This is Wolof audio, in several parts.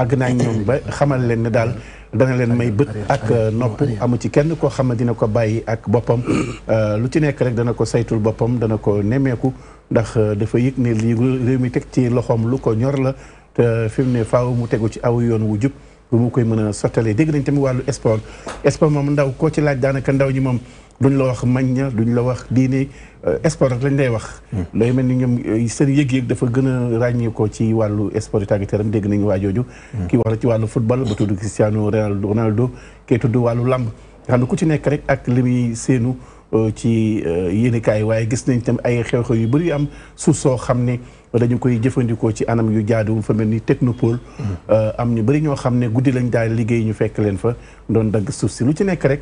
àgg naa ñoom ba xamal leen ne daal dana leen may bët ak euh, nopp amu ci kenn koo xam ne dina ko bàyyi ak boppam euh, lu ci nekk rek dana ko saytul boppam dana ko nemmeeku ndax euh, dafa yëg ne lii réew mi teg ci loxoom lu ko ñor la te fi mu ne faaw mu tegu ci aw yoon wu jub mu koy mën a sottalee dégg nañ tamit wàllu sport sport moom ndaw koo ci laaj daanaka ndaw ñi moom luñ la wax mañña duñ la wax diine euh, sport rek lañ lay wax. looy hmm. mel ni ñoom euh, seen yëg-yëg dafa gën a ràññeekoo ci wàllu sport yi tàggat yaram dégg nañu waa jooju. Hmm. kii wax la ci wàllu football ba tudd Cristiano Ronaldo kii tudd wàllu làmb xam ne ku ci nekk rek ak limuy seenu séenu euh, ci yéenekaay waaye gis nañ tam ay xew-xew yu bëri am suuf soo xam ne dañu koy jëfandikoo ci anam yu jaaduwul fa mel ni technopole. Hmm. am ñu bëri ñoo xam ne guddi lañ daal liggéey ñu fekk leen fa doon dagg suuf si lu ci nekk rek.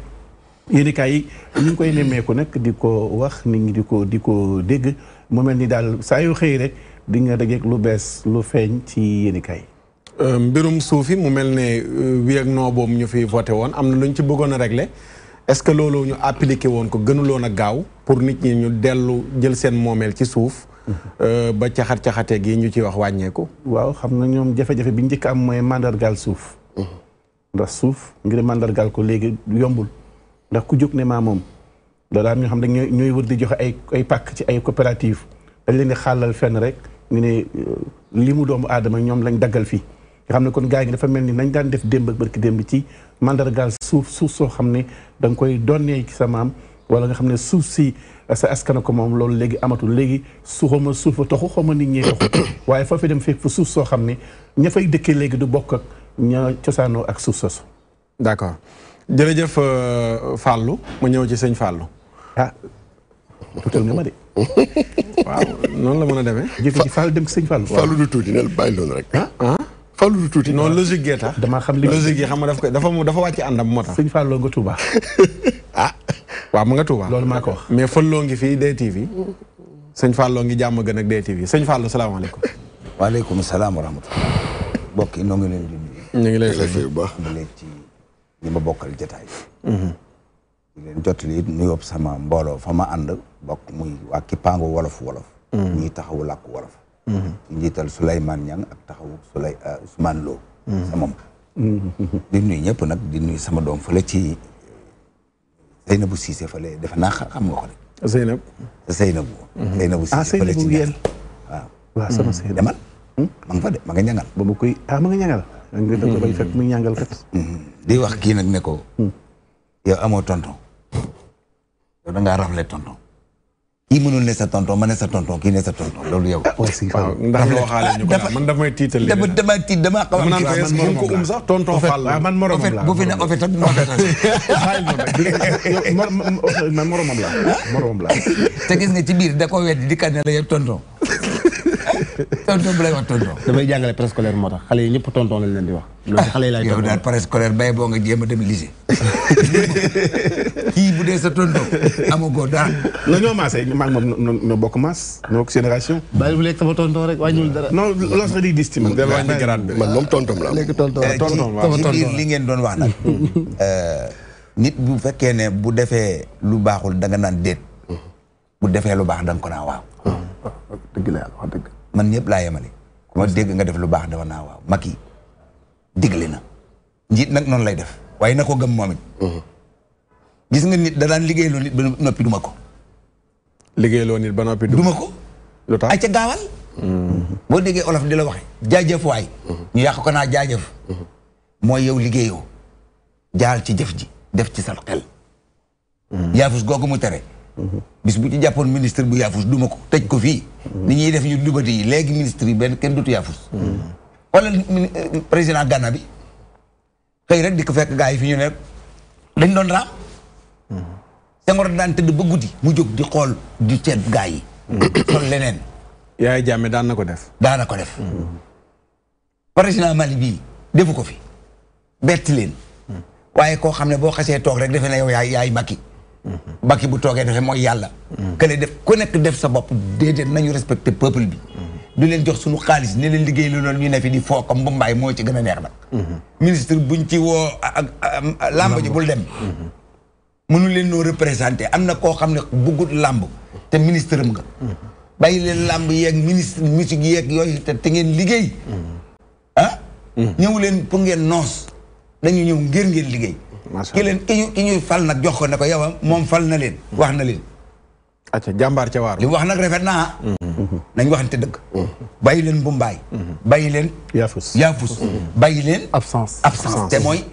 yéenekaay yi ñu ngi koy nemmeeku nag di ko wax nit ñi di ko di ko dégg mu mel ni daal saa yoo xëy rek di nga dajeek lu bees lu feeñ ci yéenekaay yi. Euh, mbirum suuf yi mu mel ne euh, wii ak noo boobu ñu fi voté woon am na lu ñu ci bëggoon a le est-ce que loolu ñu appliqué woon ko gënuloon a gaaw pour nit ñi ñu dellu jël seen moomeel ci suuf. Mhm. Euh, ba caxat caxate gi ñu ci wax wàññeeku. waaw xam nga ñoom jafe-jafe bi njëkk am mooy mandargaal suuf. Mhm. ndax suuf ngir mandargaal ko léegi yombul. ndax ku jóg ne maa moom loolu am ñoo xam ne ñooy ñooy wër di joxe ay ay pàkk ci ay coopérative dañ leen di xàllal fenn rek ñu ne euh, li mu doomu aadama ñoom lañ daggal fii nga xam ne kon gars yi dafa mel ni nañ daan def démb ak barki démb ci mandargaal suuf suuf soo xam ne da koy donnee ci sa maam wala nga xam ne suuf si sa askana ko moom loolu léegi amatul léegi su ma suuf taxu xawma nit ñee taxu waaye foofu dem fekk fu suuf soo xam ne ña fay dëkkee léegi du bokk ak ña cosaanoo ak suuf soosu d'accord jërëjëf euh, Fallou moo ñëw ci sëñ Fallou. ah tuutal nga ma de. waaw noonu la mën a demee. jëkk ci Fallou dem ci sëñ Fallou. Fallou du tuuti nel bàyyi loolu rek. ah, ah. Fallou du tuuti. non logique gee tax damaa xam li logique yi xam nga dafa dafa dafa wàcc àndam moo tax. sëñ Fallou nga Touba. ah waaw mu nga Touba. loolu maa ko wax mais Fallou ngi fii DTV. sëñ Fallou ngi jàmm gën ak DTV sëñ Fallou salaamaaleykum. waaleykum salaam wa rahmatulah. mbokk yi noo ngi leen di nuyu. ñi ma bokkal jotaay hmm leen jottali it sama mbolo fama and bok bokk muy waa Kipango wolof wolof ñuy taxawu làkk wolof ci njiital sulayman ñang ak taxaw sulay euh, usman Lo sama di nuy ñep nak di nuy sama dom fele ci Seynabou sise fele def na xam nga ko de Seynab Seynabou Seynabou sise mhm. ah, fele ci yéen wa sama sey mhm. demal mhm. mang fa de mang ñangal bu ma koy ah mang ñangal nga ko bay fek mu ñangal kat di wax kii nag ne ko. yow amoo tonton. yow da ngaa rafle tonton. kii mënul ne sa tonton ma ne sa tonton kii ne sa tonton loolu yow. Ah, waaw ndax loo man dama tiit dama xaw a. man um sax tonton Fall la man moromam la bu la moromam nga ci biir da weddi di kat ne la tonton. tonton bu lay wax tonton. damay jàngale préscolaire moo tax xale yi ñëpp tonton lañ leen di wax. xale yi laay tonton bay boo nga jéem a dem lycée. kii bu dee sa tonton amagoo dara. non ñoo maase maa ngi moom bokk maas ñoo bokk génération. bu lekk sama tonton rek wàññiwul dara. non loolu sax di dis ci man. man moom tonton la am. léegi eh, eh, nit bu fekkee ne bu defee lu baaxul da nga naan déet. Mm-hmm. bu defee lu baax da ko naan waaw. Mm-hmm. dëgg la yàlla wax dëgg. man ñëpp laa yemale ku dégg nga def lu baax dama naa waaw yi digle na njiit nag noonu lay def waaye na ko gëm moom mhm. gis nga nit da daan liggéeyloo nit noppi duma ko liggéeyloo nit ba noppi duma ko lu tax ay ca gaawal mhm. boo déggee olof di la waxe jaajëf waay mhm. ñu yàq naa jaajëf mooy yow liggéeyoo jaal ci jëf ji def ci sa xel yaafus googu mu tere bis bu ci jàppoon ministre bu yaafus duma ko tëj ko fii ni ñuy def ñu dubati yi léegi ministre yi benn kenn dutu yaafus wala eh, président Ghana bi xëy rek di ko fekk gars yi fi ñu ne dañ doon raam Senghor daan tëdd ba guddi mu jóg di xool di seet gars yi sol leneen yaay jàmme daan na ko def daan na ko def président Mali bi defu ko fi bett leen hmm. waaye koo xam ne boo xasee toog rek defe na yow yaay yaay Macky bakki bu toogee dafay mooy yàlla kële def ko nekk def sa bopp déedéet nañu respecté peuple bi du leen jox suñu xaalis ne leen liggéey loolu ñu ne fi di foo comme bu mbaay moo ci gën a neex nag ministre buñ ci woo ak làmb ji bul dem mënu leen noo représenté am na koo xam ne bëggut làmb te ministre am nga bàyyi leen làmb yeeg ministre musique yeeg yooyu te te ngeen liggéey ah mm-hmm. ñëw leen pour ngeen noos dañu ñëw ngir ngeen liggéey ki leen ki ñuy fal nag jox ko ne ko yow moom fal na leen mm. wax na leen acca jàmbaar ca waar li wax nag rafet naa mm-hmm. nañ waxante dëkk mm. bàyyi leen bumbaay mm-hmm. bàyyi leen yaafus yaafus mm-hmm. bàyyi leen absence absence te mooy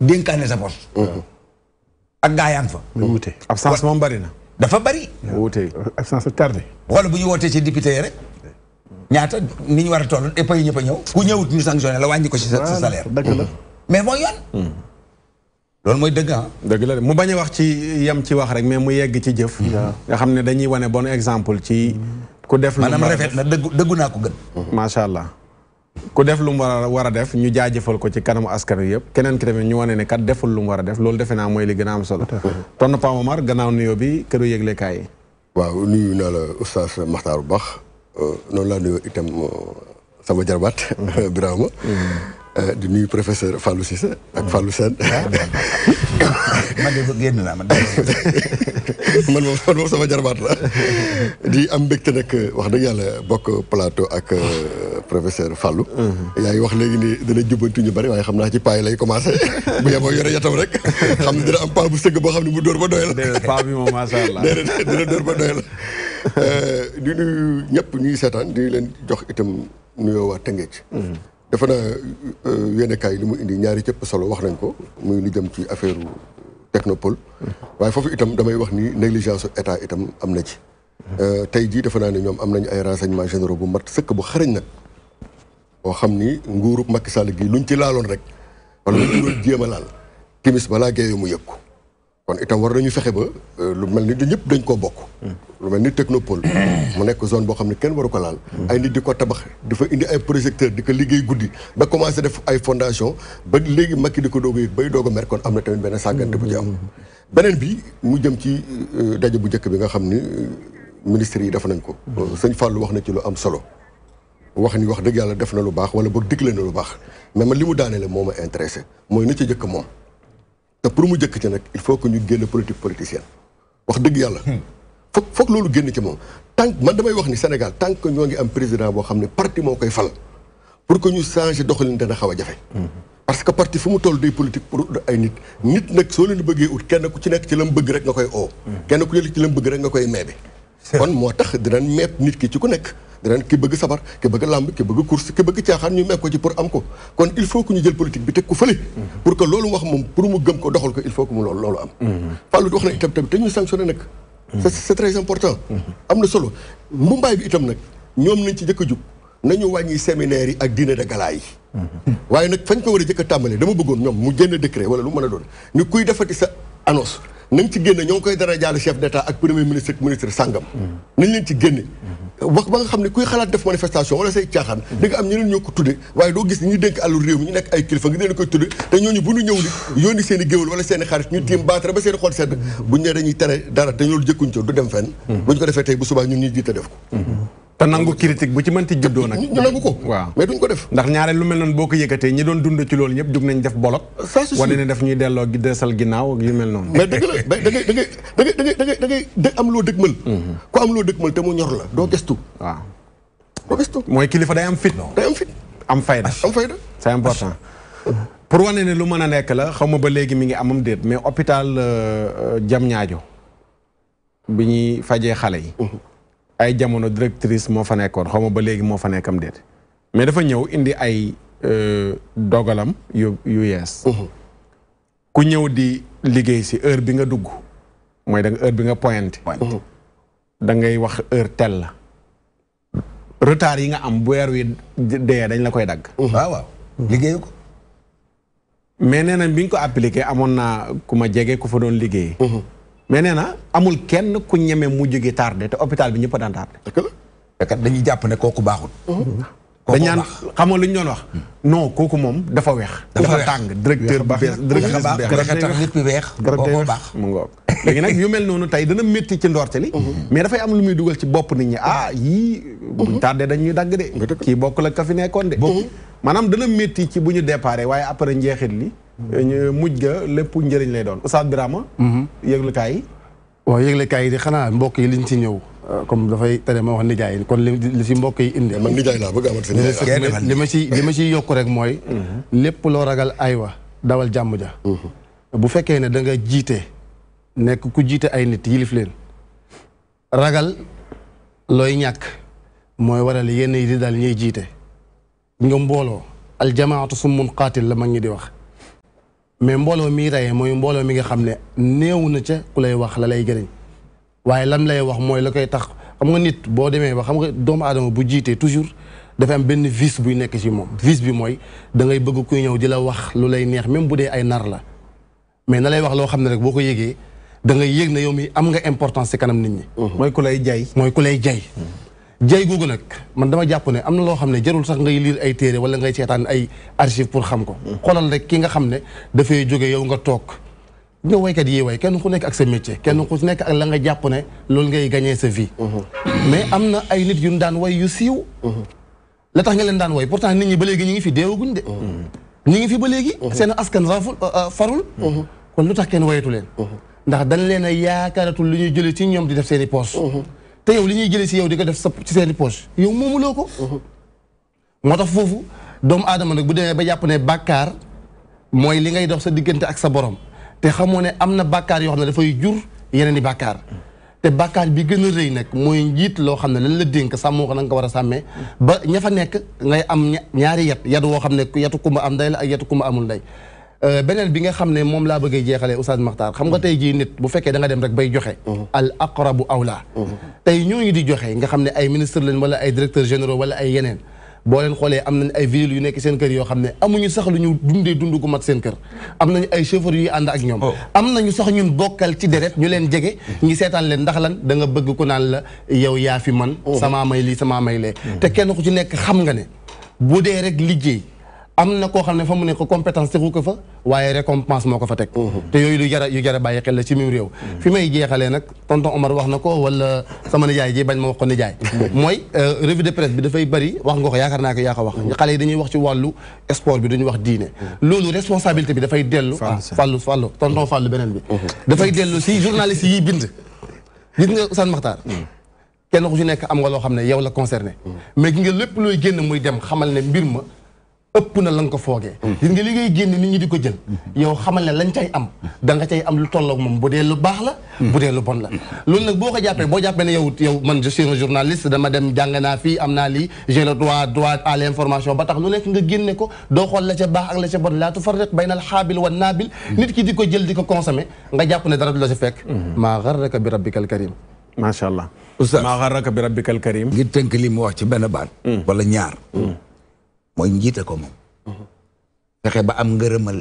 dénkaane sa bos ak gaayaan fa mu wute absence moom bari na dafa bari wute absence tardé wala bu ñu wootee ci député rek ñaata ni ñu war a toll et yi ñëpp a ñëw ku ñëwut ñu sanctionné la wàññi ko ci sa salaire dëgg la mais mooy yoon loolu mooy dëgg ah. dëgg la mu bañ a wax ci yem ci wax rek mais mu yegg ci jëf. Mm-hmm. nga xam ne dañuy wane bon exemple ci. Mm-hmm. ku def lu maanaam rafet na dëggu ko gën. Mm-hmm. macha allah ku def lu mu war a war a def ñu jaajëfal ko ci kanamu askan wi yëpp keneen ki tamit ñu wane ne kat deful lu mu war a def loolu defe naa mooy li gën a am solo. tonton Pape Omar gannaaw nuyoo bi këru yëglekaay yi. waaw nuyu naa la oustaz Makhtar bu baax euh, noonu laa nuyoo itam euh, sama jarbaat Birama. Euh, di nuyu professeur Fallou Cissé ak Fallou Sène. Ah, man de génn naa man man moom man sama jarbaat la di am mbégte nag wax dëgg yàlla bokk plateau ak euh, professeur fallu mhm. yaa ngi wax léegi ni dina jubbantu ñu bari waaye xam naa ci paa lay commencé bu yemoo yore yatam rek xam ne dina am paa sëgg boo xam ne mu dóor ba doy la. bi moom macha allah déedéet dina dóor ba doy euh, di nuyu ñëpp ñuy seetaan di leen jox itam nuyoo waa Tëngéej. Mhm. dafa naa euh, euh, yenn kaay ni mu indi ñaari cëpp solo wax nañ ko muy lu jëm ci affaire technopole waaye foofu itam damay wax ni négligence état itam am na ci euh, tey jii dafa naa ne ñoom am nañ ay renseignements généraux bu mat sëkk bo xarañ nag boo xam ni nguurub Macky Sall gi luñ ci laaloon rek wala luñ ci doon jéem a laal timis balaa géeyoo mu yëg ko kon itam war nañu fexe ba euh, lu mel ni du ñëpp dañ koo bokk. lu mel ni technopole. mu nekk zone boo xam ne kenn waru ko laal. ay nit di ko tabax di fa indi ay projecteur di ko liggéey guddi ba commencé def ay fondation ba léegi Macky di ko doog a yëg bay doog a am na tamit benn sàggante bu ci am. beneen bi mu jëm ci euh, daje bu njëkk bi nga xam ni euh, ministres yi def nañ ko. sëñ Fallou wax na ci lu am solo. wax ni wax dëgg yàlla def na lu baax wala boog digle na lu baax mais man li mu daanele moom ma intéressé mooy na ci njëkk moom. te pour mu jëkk ci nag il faut que ñu génn politique politicienne wax dëgg yàlla. Hmm. foog foog loolu génn ci moom. tant man damay wax ni Sénégal tant ñoo ngi am président boo xam ne parti moo koy fal pour que ñu changer doxalin dana xaw a jafe. Hmm. parce que parti fu mu toll day politique pour ay nit. nit nag soo leen bëggee ut kenn ku ci nekk ci la mu bëgg rek nga koy oo. Hmm. kenn ku ci nekk bëgg rek nga koy meebe. kon moo tax dinañ meeb nit ki ci ku nekk. danaan ki bëgg sabar ki bëgg làmb ki bëgg course ki bëgg caaxaan ñu meeg ko ci pour am ko kon il faut que ñu jël politique bi teg ko fële pour que loolu wax moom pour mu gëm ko doxal ko il faut que mu loolu loolu am Fallou wax na itam tamit te ñu sanctionné nag c'est très important am na solo mbumbaay bi itam nag ñoom nañ ci jëkk a jub nañu wàññi séminaire yi ak dîner de gala yi waaye nag fañ ko war a jëkk tàmbali dama bëggoon ñoom mu génn décret wala lu mën a doon ni kuy defati sa na ci génne ñoo ngi koy dara jaale chef d' état ak premier ministre ak ministre sàngam nañ leen ci génne wax ba nga xam ne kuy xalaat def manifestation wala say caaxaan di am ñeneen ñoo ko tudde waaye doo gis ñuy dénk àllu réew mi ñu nekk ay kilifa nga leen koy tudde te ñooñu bu ñu ñëw ni yónni seen i géwal wala seen i xarit ñu tiim baatare ba seen i xool sedd buñ ne dañuy tere dara dañu loolu jëkkuñ ci du dem fenn mm. buñ ko defee tey bu subaa ñun ñuy jiite def ko mm-hmm. te nangu critique bu ci mënti juddoo nag ñu nangu ko waaw mais duñ def ndax ñaare lu mel noonu boo ko yëkkatee ñi doon dund ci loolu ñëpp jug nañ def bolok wane ne daf ñuy delloo desal ginnaaw ak mel noonu mais da ngay da loo dëgg mën mhm. ku am loo dëgg mën te mu doo gestu waaw mooy kilifa day am fit day am fit am fayda am fayda c'est pour wane ne lu mën a nekk la xaw ma ba léegi mi ngi amam déet mais hôpital euh, euh, Diamniadio bi ñuy fajee xale yi mhm. ay jamono directrice moo fa nekkoon xaw ma ba léegi moo fa nekkam déet mais dafa ñëw indi ay euh, dogalam yu yu yees mhm. ku ñëw di liggéey si heure bi nga dugg mooy da nga heure bi nga pointé mhm. da ngay wax heure tel la retard yi nga am bu weer wi dee dañ la koy dagg mhm. ah, waaw liggéeyu ko mais nee na bi nga ko appliqué amoon naa ku ma jege ku fa doon liggéey mais nee na amul kenn ku ñeme mujj gi tardé te hôpital bi ñëpp daan tardé. dëgg la kat dañuy jàpp ne kooku baaxul. kooku dañ naan xamoo lu ñu doon wax. Hmm. non kooku moom dafa weex. dafa tàng directeur bu bees directeur ba bees. garab nit bi weex. kooku baax mu ngoog. léegi nag yu mel noonu tey dana métti ci ndoorte li. Hmm. mais dafay am lu muy dugal ci bopp nit ñi ah hmm. yii. buñ tardé dañ ñuy dagg de. kii bokk la ka nekkoon de. maanaam dana métti ci bu ñu déparé waaye après njeexit li. ñu mujj ga lépp njëriñ lay doon Oustaz Birama mhm. yëglekaay yi waaw yëglekaay yi di xanaa mbokk yi liñ ci ñëw euh, comme dafay tere ma wax nijaay kon li si mbokk yi indi eh, man nijaay laa bëgg amat fi li ma si ma si yokk rek mooy mhm. lépp loo ragal ay aywa dawal jàmm ja mhm. bu fekkee ne danga jiite nekk ku jiite ay nit yilif leen ragal looy ñàkk mooy waral yenn yi di daal ñuy jiite nga mbooloo aljamaatu summun qaatil la mag ñi di wax mais mbooloo miy reyee mooy mbooloo mi nga xam ne néew na ca ku lay wax la lay gëriñ waaye lan lay wax mooy la koy tax xam nga nit boo demee ba xam nga doomu aadama bu jiitee toujours dafa am benn vise buy nekk ci moom vise bi mooy da ngay bëgg kuy ñëw di la wax lu lay neex même bu dee ay nar la mais na lay wax loo xam ne rek boo ko yëgee da ngay na ne yow mi am nga importance ci kanam nit ñi. mooy ku lay jay mooy ku lay jay. jay googu nag man dama jàpp ne am na loo xam ne jarul sax ngay liir ay téere wala ngay seetaan ay archive pour xam ko xoolal rek ki nga xam ne dafay jóge yow nga toog nga waykat yi woy kenn ku nekk ak sa métier kenn ku nekk ak la nga jàpp ne loolu ngay gagné sa vie mhm. mais am na ay nit yu daan way yu siiw mhm. la tax nga leen daan way pourtant nit ñi ba léegi ñi ngi fi deewaguñ de mhm. ñi ngi fi ba léegi seen askan raful euh, euh, farul kon lu tax kenn wayatu leen ndax dañ leen a lu ñuy jële ci ñoom di def seen i te yow li ñuy jëlee si yow di ko def sa ci seeni poche yow moomuloo ko. moo tax foofu doomu aadama nag bu demee ba jàpp ne bàkkaar mooy li ngay dox sa diggante ak sa borom te xamoo ne am na bakkaar yoo xam ne dafay jur yeneen i bàkkaar. te bàkkaar bi gën a rëy nekk mooy njiit loo xam ne lan la dénk sàmmoo ko na nga ko war a sàmmee ba ña fa nekk ngay am ñaari yat yat woo xam ne yatu kumba am day la ay yatu kumba amul ndey. Euh, beneen bi nga xam ne moom laa bëggee jeexalee Oustaz Makhtar xam nga tey jii nit bu fekkee da nga dem rek bay joxe mhm. al aqrabu awla tey ñooñu di joxe nga xam ne ay ministre lañ wala ay directeurs généraux wala ay yeneen boo leen xoolee am nañ ay villes yu nekk seen kër xam ne amuñu sax lu ñu dundee dund gu mat seen kër am nañu ay chauffeurs yuy ànd ak ñoom oh. am nañu sax ñun bokkal ci deret ñu leen jege mhm. ñi seetaan leen ndax lan da nga bëgg ku naan la yow yaa fi man mhm. sama may lii sama may lee te kenn ku ci nekk xam nga ne bu dee rek liggéey am na koo xam ne fa mu nekk compétence tegu ko fa waaye récompense moo ko fa teg mhm. te yooyu lu jara yu jara bàyyi xel la ci mim réew mhm. fi may jeexalee nag tonton Omar wax na ko wala sama nijaay ji bañ ma wax ko nijaay mhm. mooy euh, revue de presse bi dafay bari wax nga ko yaakaar naa ko yaa ko wax xale yi dañuy wax ci wàllu sport bi duñu wax diine loolu responsabilité bi dafay dellu fàllu ah, fàllu tonton fàllu beneen bi dafay dellu si journaliste yiy bind gis nga Ousmane Makhtar kenn ku ci nekk am nga loo xam ne yow la concerné mais gi lépp looy génn muy dem xamal ne mbir ma ëpp na la ko foogee mm. gis nga li ngay génn nit ñi di ko jël mm. yow xamal ne lañ cay am da nga cay am lu tolloog moom bu dee lu baax la mm. bu dee lu bon la loolu nag boo ko jàppee boo jàppee ne yow yow man je suis un journaliste dama dem jàng naa fii am naa lii j'ai le droit droit à information ba tax lu nekk nga génne ko doo xool la ca baax ak la ca bon laa tufarriq bayna al xaabil wa naabil nit ki di ko jël di ko consommer nga jàpp ne dara la ca fekk maa garraka bi rabbikal karim macha allah oustaz maa garraka bi rabbikal karim ngir tënk li mu wax ci benn baat wala ñaar mooy njiita ko moom fexe ba am ngërëmal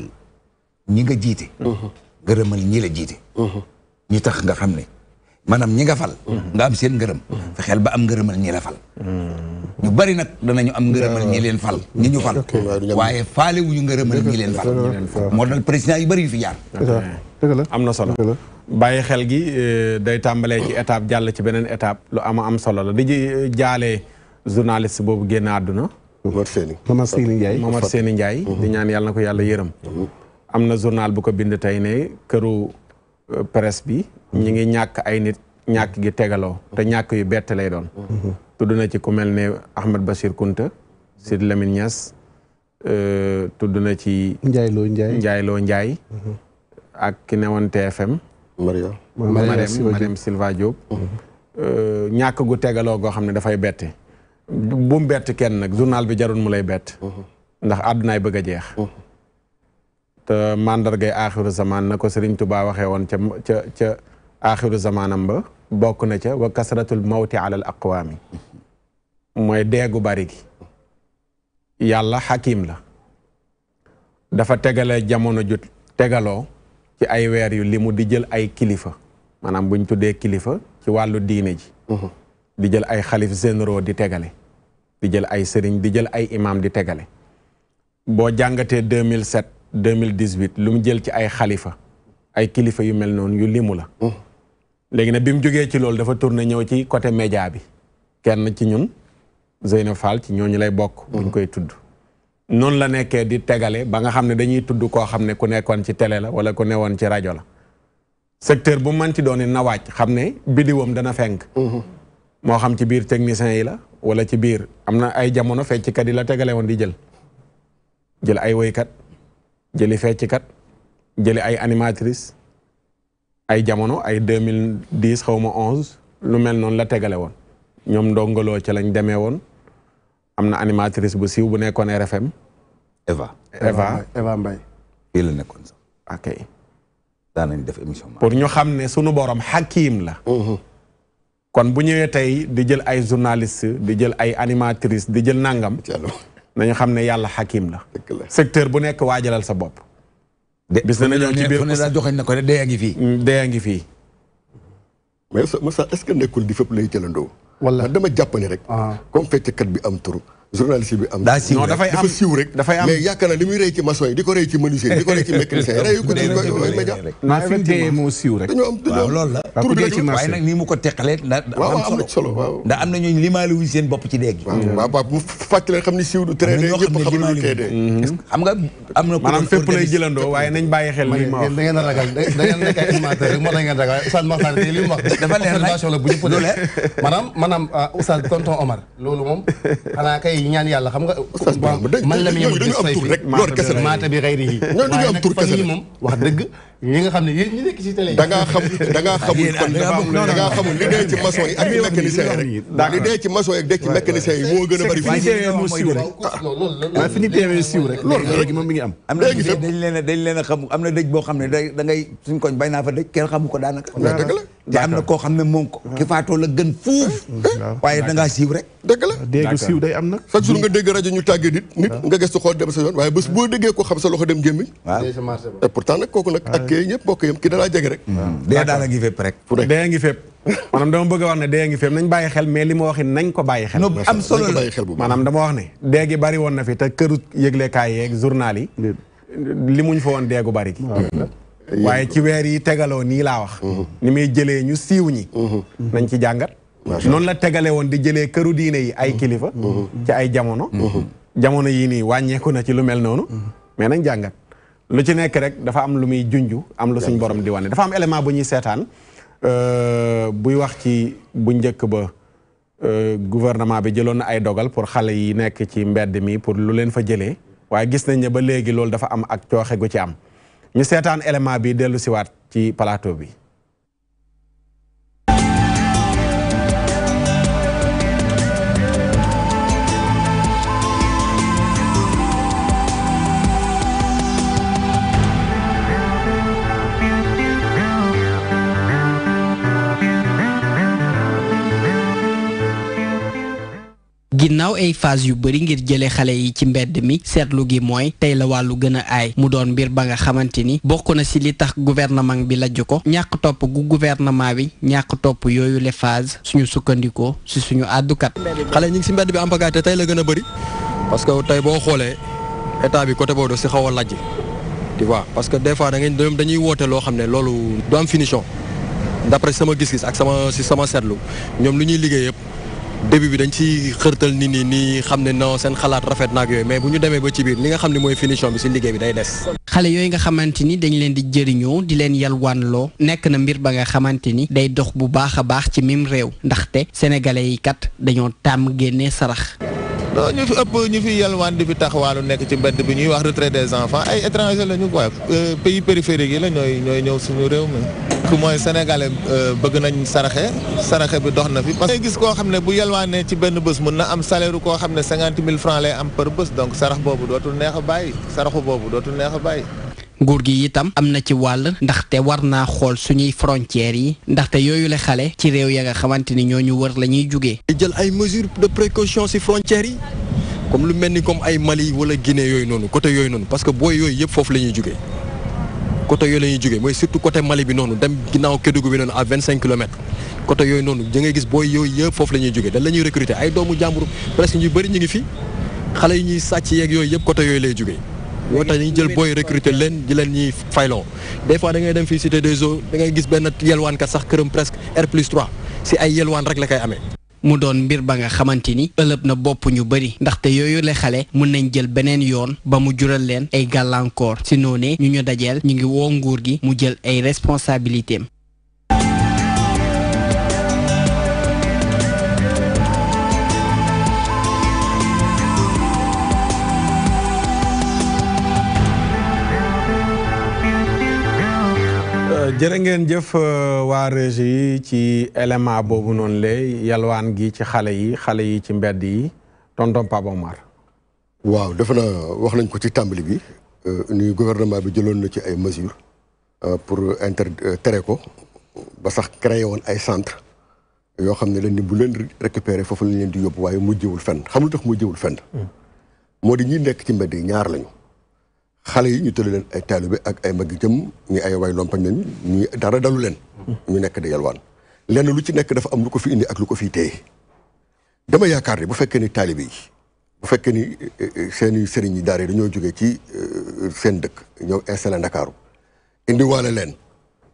ñi nga jiite ngërëmal ñi la jiite ñi tax nga xam ne maanaam ñi nga fal nga am seen ngërëm xel ba am ngërëmal ñi la fal ñu bari nag danañu am ngërëmal ñi leen fal ñi ñu fal waaye faale wuñu ngërëmal ñi leen fal moo dal président yu bari yu fi jaar am na solo bàyyi xel gi euh, day tàmbalee ci étape jàll ci beneen étape lu ama am solo la di ji euh, jaalee journaliste boobu génn àdduna Momar Seyni njaay Seyni Ndiaye Ndiaye mhm. di ñaan yàlla ko yàlla yërëm mhm. am na journal bu ko bind tey ne këru euh, presse bi mhm. ñi ngi ñàkk ay nit ñàkk gi tegaloo te ñàkk yu bett lay doon tudd ci ku mel ne Ahmed Bachir Kounta Sidi Lamine Niass euh, tudd na ci Ndiaye Loo Ndiaye ak ki newoon TFM Maria Marème Silva Diop euh, ñàkk gu tegaloo goo xam ne dafay bette bu mu bett kenn nag journal bi jarul mu lay bett. ndax àddunaay bëgg a jeex. te mandargay aaxiru zamaan na ko Serigne Touba waxee woon ca ca ca aaxiru zamaanam ba bokk na ca wa kasratul mawti alal aqwaami mooy deegu bari gi yàlla xakim la dafa tegale jamono ju tegaloo ci ay weer yu limu di jël ay kilifa maanaam buñ tuddee kilifa ci wàllu diine ji. di jël ay xalif généraux di tegale di jël ay sëriñ di jël ay imam di tegale boo jàngatee 2007 2018 lu mu jël ci ay xalifa ay kilifa yu mel noonu yu limu la mm. léegi nag bi mu jógee ci loolu dafa tourné ñëw ci côté média bi kenn ci ñun Zeyna Fall ci ñooñu lay bokk buñ mm. koy tudd noonu la nekkee di tegale ba nga xam ne dañuy tudd koo xam ne ku nekkoon ci tele la wala ku newoon ci rajo la secteur bu mën ci dooni na wàcc xam ne bidiwam dana fenk mm-hmm. moo xam ci biir technicien yi la wala ci biir am na ay jamono fecckat yi la tegale woon di jël jël ay woykat jëli fecckat jëli ay animatrice ay jamono ay deux mille dix xaw ma onze lu mel noonu la tegale woon ñoom ndongaloo ca lañ demee woon am na animatrice bu siiw bu nekkoon RFM. Eva Eva Eva Mbaye. la nekkoon sax. ok. daan nañ def émission. pour ñoo xam ne sunu borom xakiim la. Mm-hmm. kon bu ñëwee tey di jël ay journaliste di jël ay animatrice di jël nangam nañu xam ne yàlla xakim la secteur bu nekk waajalal sa bopp bis na ñëw ci biir joxeñ na ko de dee a ngi fii mm, dee a ngi fii mais Moussa est-ce que nekkul di fépp lay jëlandoo wala dema dama jàpp ne rek ah. comme bi am turu journaliste bi am. daa siiw non dafay am dafa siiw rek. dafay am mais yaakaar naa li muy rey ci maçon yi di ko rey ci menuisier di ko rey ci mécanicien rey ko mu siiw rek. dañoo am na solo waaw ndax bopp ci dee gi. waaw waaw xam ne siiw du tere dee ñëpp xam nga am na. maanaam jëlandoo waaye nañ bàyyi xel li ma wax. da ngeen a ragal da ngeen nekk ay animateur rek moo tax ngeen ragal Oustaz Makhtar tey li mu wax. dafa leer la maanaam maanaam euh, Oustaz tonton Omar loolu moom xanaa kay yi ñaan yàlla xam nga. man la muy yëngu des fay fi maata bi xayri yi. ñooñu dañu am tur kese rek waaye nag famille moom wax dëgg. ñi nga xam ne yéen ñi nekk dee ci maçon yi ak ci mécanicien yi rek. li dee ci maçon yi dee ci mécanicien yi moo gën a bari. fi ñu teewee moo siiw rek waaw fi ñu teewee siiw rek. loolu gi moom mi ngi am. am na leen a leen xam am na dëj boo xam ne da ngay suñ naa fa dëj kenn xamu ko daanaka. waaw la. te am koo xam ne moom ko la gën fuuf da ngaa siiw la dégg siiw day am nag chaque jour nga dégg rajo ñu tàggee nit nit ah. nga gëstu xool dem sa yoon waaye bés boo déggee ko xam sa loxo dem gémmiñ waaw et nag kooku nag liggéey ñëpp bokk yam ki dalaa jege rek dee daal a ngi fépp rek dee a ngi fépp maanaam dama bëgg a wax ne dee a ngi fépp nañ bàyyi xel mais li ma waxi nañ ko bàyyi xel am solo maanaam dama wax ne dee gi bari woon na fi te këru yëglekaay yeeg journal yi li muñ fa woon deegu bari gi mm-hmm. waaye ci weer yi tegaloo nii laa wax mm-hmm. ni muy jëlee ñu siiw ñi mm-hmm. nañ ci jàngat noonu la tegale woon di jëlee këru diine yi ay kilifa ci ay jamono jamono yii nii wàññeeku na ci lu mel noonu mais nañ jàngat lu ci nekk rek dafa am lu muy junj am lu suñ borom di wane dafa am élément bu ñuy seetaan euh, buy wax ci bu njëkk ba euh, gouvernement bi jëloon na ay dogal pour xale yi nekk ci mbedd mi pour lu leen fa jëlee waaye gis nañ ne ba léegi loolu dafa am ak cooxe gu ci am ñu seetaan élément bi dellu siwaat ci plateau bi ginnaw ay phase yu bari ngir jëlé xalé yi ci mbedd mi sétlu gi moy tay la walu gëna ay mu doon bir ba nga xamanteni bokku na ci li tax gouvernement bi ko ñak top gu gouvernement bi ñak top yoyu le phase suñu sukkandiko ci suñu kat xalé ñi ci si bi am pagaate tay la gëna bari parce que tay bo xolé état bi côté boobu da si xaw a lajj tu vois parce que des fois da ngeen dañuy woté lo xamné lolu do am finition d'après sama gis-gis ak sama ci sama sétlu ñom lu ñuy liggéey yépp début bi dañ ci xërtal nit ni nii xam non sen xalaat rafet nak yoy mais buñu démé ba ci biir li nga xamné moy finition bi ci liggéey bi day dess xalé yoy nga xamanteni dañ leen di jëriño di leen yal wan lo nek na mbir ba nga xamanteni day dox bu baaxa baax ci mim réew ndaxte sénégalais yi kat dañoo tam génné sarax do ñu fi ëpp ñu fi yal wan di fi taxawaalu nek ci mbedd bi ñuy wax retrait des enfants ay étrangers la ñu quoi euh, pays périphérique yi la ñoy ñoy ñew suñu réew mais surtout mooy sénégalais euh, bëgg nañ saraxe saraxe bi dox na fi parce que gis koo xam ne bu yelwaanee ci benn bés mën na am salaire koo xam ne cinquante mille francs lay am par bés donc sarax boobu dootul neex a bàyyi saraxu boobu dootul neex a bàyyi nguur gi itam am na ci wàll ndaxte war naa xool suñuy frontières yi ndaxte yooyu la xale ci réew ya nga xamante ni ñoo ñu war la ñuy jugee. jël ay mesures de précaution ci frontières yi comme lu mel ni comme ay Mali wala Guinée yooyu noonu côté yooyu noonu parce que booy yooyu yëpp foofu la ñuy jugee côté yooyu la ñuy jógee mooy surtout côté Mali bi noonu dem ginnaaw Kédougou bi noonu à vingt cinq kilomètres côté yooyu noonu da ngay gis booy yooyu yëpp foofu la jógee dañ la ay doomu jàmbur presque bëri ñu fi xale yi ñuy sàcc yeeg yooyu yëpp côté yooyu lay jógee moo tax ñu jël booy recruter leen di leen ñuy fayloo des fois da ngay dem fii cité des eaux da ngay gis benn yelwaankat sax këram presque R plus 3 si ay yelwaan rek la koy amee mu doon mbir ba nga xamante ni ëlëb na bopp ñu bëri ndaxte yooyu le xale mën nañ jël beneen yoon ba mu jural leen ay gàllankoor si noonee ñu ñu dajal ñu ngi woo nguur gi mu jël ay responsabilités jërë ngeen jëf euh, waa régie yi ci élément boobu noonu la yalwaan gi ci xale yi xale yi ci mbedd yi tonton Pape Omar. waaw defe naa wax nañ ko ci tàmbali bi euh, ni gouvernement bi jëloon na ci ay mesures euh, pour inter tere ko ba sax créé woon ay centre yoo xam ne dañ di bu leen récupérer foofu lañ leen di yóbbu waaye mujjewul fen xamul tax mujjewul fenn. Hmm. moo di ñi nekk ci mbedd yi ñaar lañu. xale yi ñu tëdd leen ay taalibe ak ay magi jëm ñi ay way lompañ lañu ñi dara dalu leen ñu nekk di yalwaan lenn lu ci nekk dafa am lu ko fi indi ak lu ko fi téye dama yaakaar ne bu fekkee ni taalibe yi bu fekkee ni eh, eh, seeni sëriñ yi daara dañoo jógee ci eh, seen dëkk ñëw installé Ndakaaru indi waale leen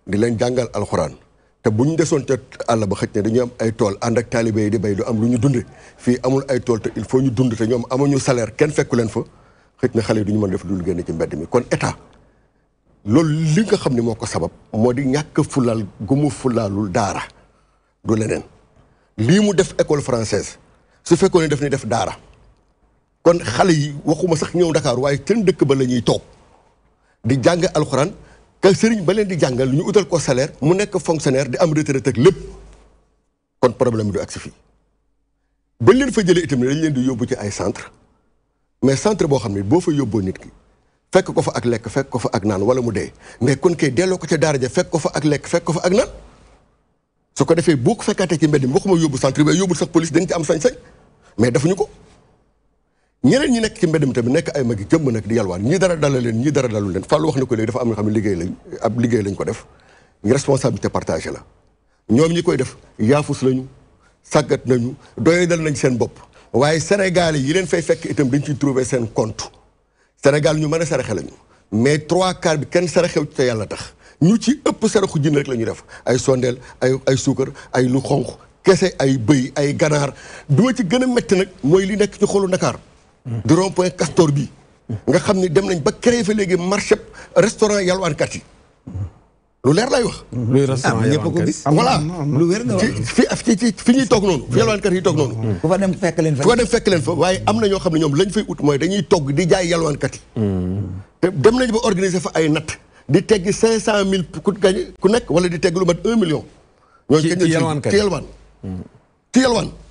di leen jàngal alxuraan te bu ñu desoon te àll ba xëj ne dañu am ay tool ànd ak taalibe yi di bay du am lu ñu dunde fii amul ay tool te il faut ñu dund te ñoom amuñu salaire kenn fekku leen fa xëj na xale yi mën def dul gën ci mbéd mi kon état lool li nga xamni moko sabab modi ñak fulal gumu fulalul dara du leneen li mu def école française su fekkoon ne daf ni def dara kon xalé yi waxuma sax ñew Dakar waye teñ dekk ba lañuy top di jang alcorane ka serigne ba len di jangal ñu utal ko salaire mu nek fonctionnaire di am retraite ak lepp kon problème du agsi fi ba len fa jëlé itam dañ len di yobbu ci ay centre mais centre boo xam ne boo fa yóbboo nit ki fekk ko fa ak lekk fekk ko fa ak naan wala mu dee mais kon kay delloo ko ca daara ja fekk ko fa ak lekk fekk ko fa ak naan su ko defee boo ko fekkaatee ci mbedd mi waxuma yóbbu centre bi yóbbu sax police dañ ci am sañ-sañ mais defuñu ko ñeneen ñi nekk ci mbedd mi tamit nekk ay magi jëmm nag di yalwaan ñii dara dala leen ñii dara dalu leen Fallou wax na ko léegi dafa am ñoo xam ne liggéey lañ ab liggéey lañ ko def responsabilité partagée la ñoom ñi koy def yaafus lañu sàggat nañu doyee dal nañ seen bopp waaye Sénégal yi leen fay fekk itam dañ ciy trouver seen compte Sénégal ñu mën a saraxe lañu mais trois quarts bi kenn saraxew ci te yàlla tax ñu ci ëpp saraxu jën rek la ñuy def ay sondeel ay ay suukar ay lu xonq kese ay bëy ay ganaar du ma ci gën a métti nag mooy li nekk ci xoolu Ndakaar hmm. di rond point Castor bi hmm. nga xam ni dem nañ ba créé fa léegi marché restaurant yalwaankat yi hmm. lu leer lay wax. luy restaurant ah, ñëpp ko gis. Ah, fi ñuy toog noonu. fi yalwaankat yi toog noonu. Ah, ku fa dem fekk leen fa. ku fekk leen fa waaye am na ñoo xam ne ñoom lañ fay ut mooy dañuy togg di jaay yalwaankat yi. Hmm. te dem nañu ba organiser fa ay natt di tegg cinq cent mille ku gañ ku nekk wala di tegg lu mat un million. ñooñu ci ci yalwaan ci yalwaan. Hmm.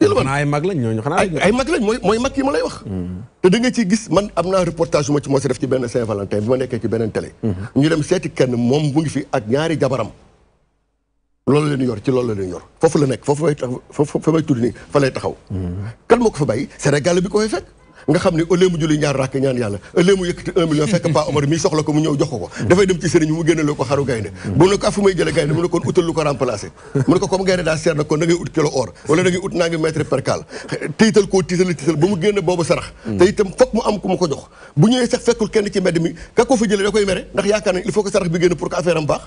xanaa ay mag lañ ñooñu xanaa ay mag lañ mooy mooy mag yi ma lay wax. Mm-hmm. te da nga ciy gis man am naa reportage bu ma ci mos a def ci benn Saint-Valentin bi ma nekkee ci beneen télé. Mm-hmm. ñu dem seeti kenn moom mu ngi fi ak ñaari jabaram. loolu la ñu yor ci loolu la ñu yor foofu la nekk foofu may tax fa may tudd nii lay taxaw. Mm-hmm. kan moo ko fa bàyyi Sénégal bi ko fekk. nga xam ne o lieu mu julli ñaar rakk ñaan yàlla au lieu mu yëkkati un fekk Paa Omar mii soxla ko mu ñëw jox ko ko dem ci sëriñ mu génne loo ko xaru gaynde bu ne ko mi ka ko fa jële da koy mere ndax yaakaar affaire am baax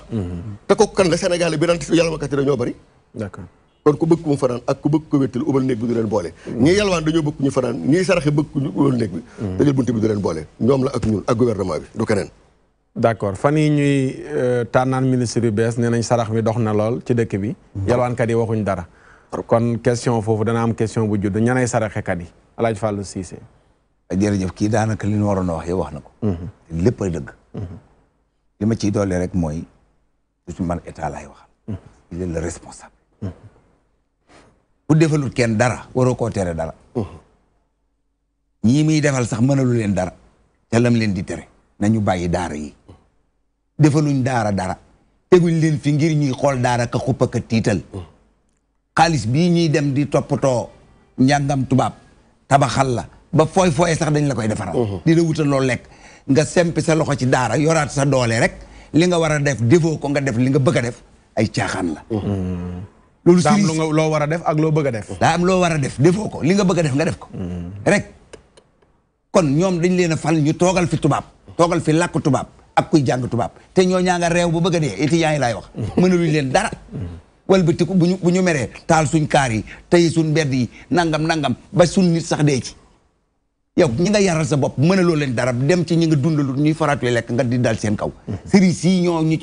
te kooku kan la Sénégal bi daan yàlla ma kat bari kon ku bëgg ku mu fanaan ak ku bëgg ko wéttal ubal néeg bi du leen boole ñii yalwaan dañoo bëgg ñu fanaan ñii saraxe bëgg ku ubal néeg bi tëjal bunt bi du leen boole ñoom la ak ñun ak gouvernement bi du keneen d' accord fan yi ñuy euh, tànnaan ministre yu bees nee nañ sarax mi dox na lool ci dëkk bi yalwaankat yi waxuñ dara kon question foofu dana am question bu judd ñanay saraxekat yi alaaj Fallou Cissé jërëjëf kii daanaka li ñu waroon a wax yow wax na ko mhm. lépp ay dëgg mhm. li ma ciy doole rek mooy su man état laay waxal mhm. il est le responsable bu defalut kenn dara waroo koo tere dara ñii muy defal sax mënalu leen dara te lam leen di tere nañu bàyyi daara yi defaluñ daara dara teguñ leen fi ngir ñuy xool daara ka xupp ka tiital xaalis bii ñuy dem di toppatoo njàngam tubaab tabaxal la ba fooy fooy sax dañ la koy defaral mhm. di la wutal lekk nga sempe sa loxo ci daara yoraat sa doole rek li nga war a def defoo ko nga def li nga bëgg a def ay caaxaan la mhm. loolu si loo war a def ak loo bëgg a def. daa loo war a def defoo ko li nga bëgg a def nga def ko. Mm. rek kon ñoom dañ leen a fal ñu toogal fi tubaab toogal fi lakk tubaab ak kuy jàng tubaab te ñoo ñaa nga réew ba bëgg a dee étudiants yi laay wax. Mm. mënaluñ leen dara. Mm. walbatiku bu ñu bu ñu meree taal suñ kaar yi tey suñ mbedd yi nangam nangam ba suñ nit sax dee ci. yow ñi nga yaral sa bopp mënaloo leen dara dem ci ñi nga dundalu ñuy faraatee lekk nga di dal seen kaw. sëriñ si ñoo ñu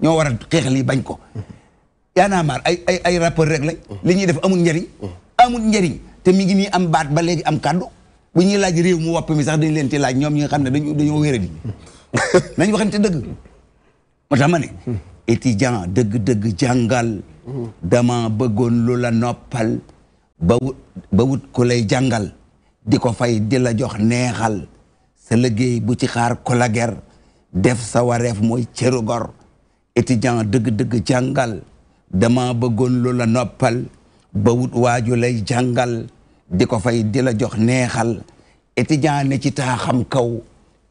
ñoo wara a xeexal yi bañ ko yaanaa maar ay ay ay rapport rek la li ñuy def amul njariñ amul njariñ te mi ngi nii am baat ba léegi am kàddu bu ñuy laaj réew mu wopp mi sax dañ leen ti laaj ñoom ñi nga xam ne dañu dañoo wéradi nañ waxante dëgg moo tax ma ne étudiant dëgg-dëgg jàngal dama bëggoon lu la noppal ba wut ba wut jàngal di ko fay di la jox neexal sa liggéey bu ci xaar ger def sa wareef mooy cëru gor étudiant dëgg-dëgg jàngal dama bëggoon lu la noppal ba wut waaju lay jàngal di ko fay di la jox neexal étudiant ne ci taaxam kaw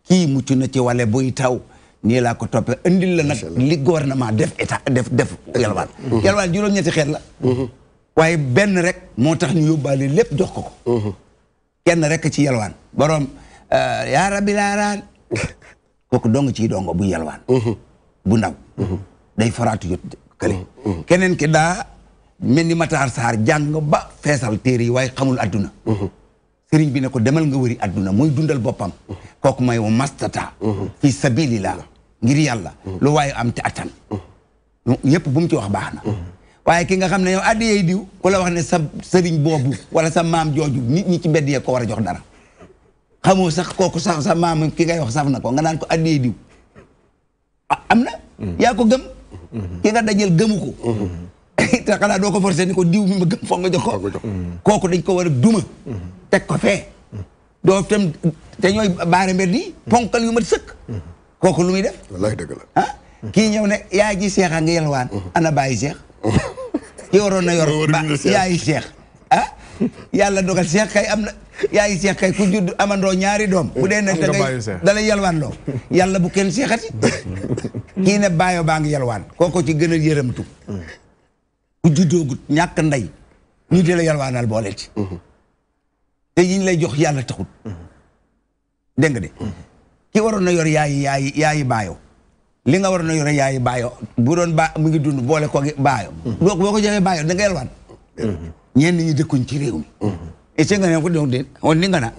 kii mucc na ci wale buy taw nii laa ko toppee indil la nag li gouvernement def état def def yalwaan mm-hmm. yalwaan juróom mm-hmm. benn rek moo tax ñu yóbbaale lépp jox ko ko mm-hmm. kenn ci yalwaan borom euh, yaa rabbi laaraan kooku dong ciy yalwaan bu ndaw day faraatu jot kële kenen ki da melni Matar sar jang ba fessal aduna. yi waaye xamul aduna serigne bi ne ko demal nga wëri aduna moy dundal bopam kok may wa mastata fi sabilillah ngir yalla lu way am te attan ñepp bu mu ci wax baxna waye ki nga xamne yow adiye diw ko la wax ne sa serigne bobu wala sa mam joju nit ñi ci mbedd yee ko wara jox dara xamoo sax koku sax sa mam ki ngay wax sax na nga nan ko adiye diw ah, amna yaa ko gëm ki nga dajel gëmu ko mm-hmm. te xanaa doo ko forcé ni ko diw mi ma gëm foog nga jox mm-hmm. kooku dañ ko war a duma mm-hmm. teg ko fee doo tam te ñooy baare mbir nii ponkal yu mat sëkk kooku lu muy def wallaay dëgg la ah? ne yaa ji seex a ngi yelwaan ana bàyyi seex ki waroon na yor ba yaayi seex ah yàlla dogal seex kay am na yaa ngi seex kay ku judd amandoo ñaari doom. bu dee nag da ngay da lay yalwaan yàlla bu kenn seexati. kii ne baayo baa ngi yalwaan ko ci gën a yërëmtu. ku juddoogut ñàkk ndey ñu di la yalwaanal boole ci. te yiñ lay jox yàlla taxut. nga de. ki waroon na yor yaayi yaayi yaayi baayo. li nga waroon na yor yaayi baayo bu doon ba mu ngi dund boole ko baayo. boo ko boo ko joxee baayo da yalwaan. ñenn ñi dëkkuñ ci réew mi. et nga ne ko do de on ni nga na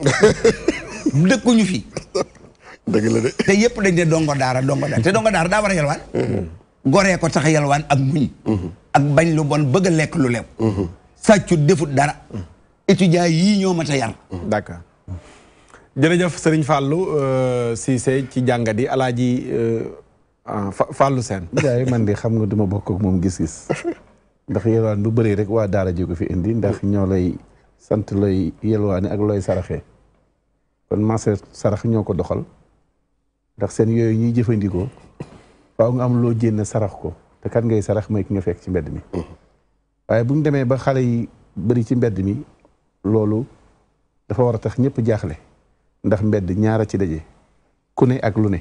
ñu fi deug la de te yëpp dañ de dongo dara dongo dara te dongo dara da war a goré ko tax yalwaan ak muñ ak bañ lu bon bëgg lek lu leew mm-hmm. saccu defut dara étudiants mm. yi ñoo mata yar mm. d'accord jërëjëf Serigne eh, si Cissé ci jàngadi alaaji eh, ah, fallu sen jaay man di xam nga duma bokk ak moom gis-gis ndax yalwaan bu bëree rek wa dara ji ko fi indi ndax ñoo lay sant lay yelwaani ak looy saraxé kon marché sarax ñoko doxal ndax seen yoy ñi jëfëndiko faaw nga am lo jénn sarax ko te kan ngay sarax may ki nga fekk ci mbedd mi waye buñu démé ba xalé yi bari ci mbedd mi lolu dafa wara tax ñepp jaxlé ndax mbedd ñaara ci dajé ku ne ak lu ne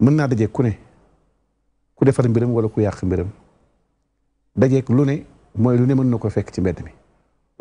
mën na daje ku ne ku défar mbirëm wala ku mbirëm dajé ak lu ne moy lu ne mën nako fekk ci mbedd mi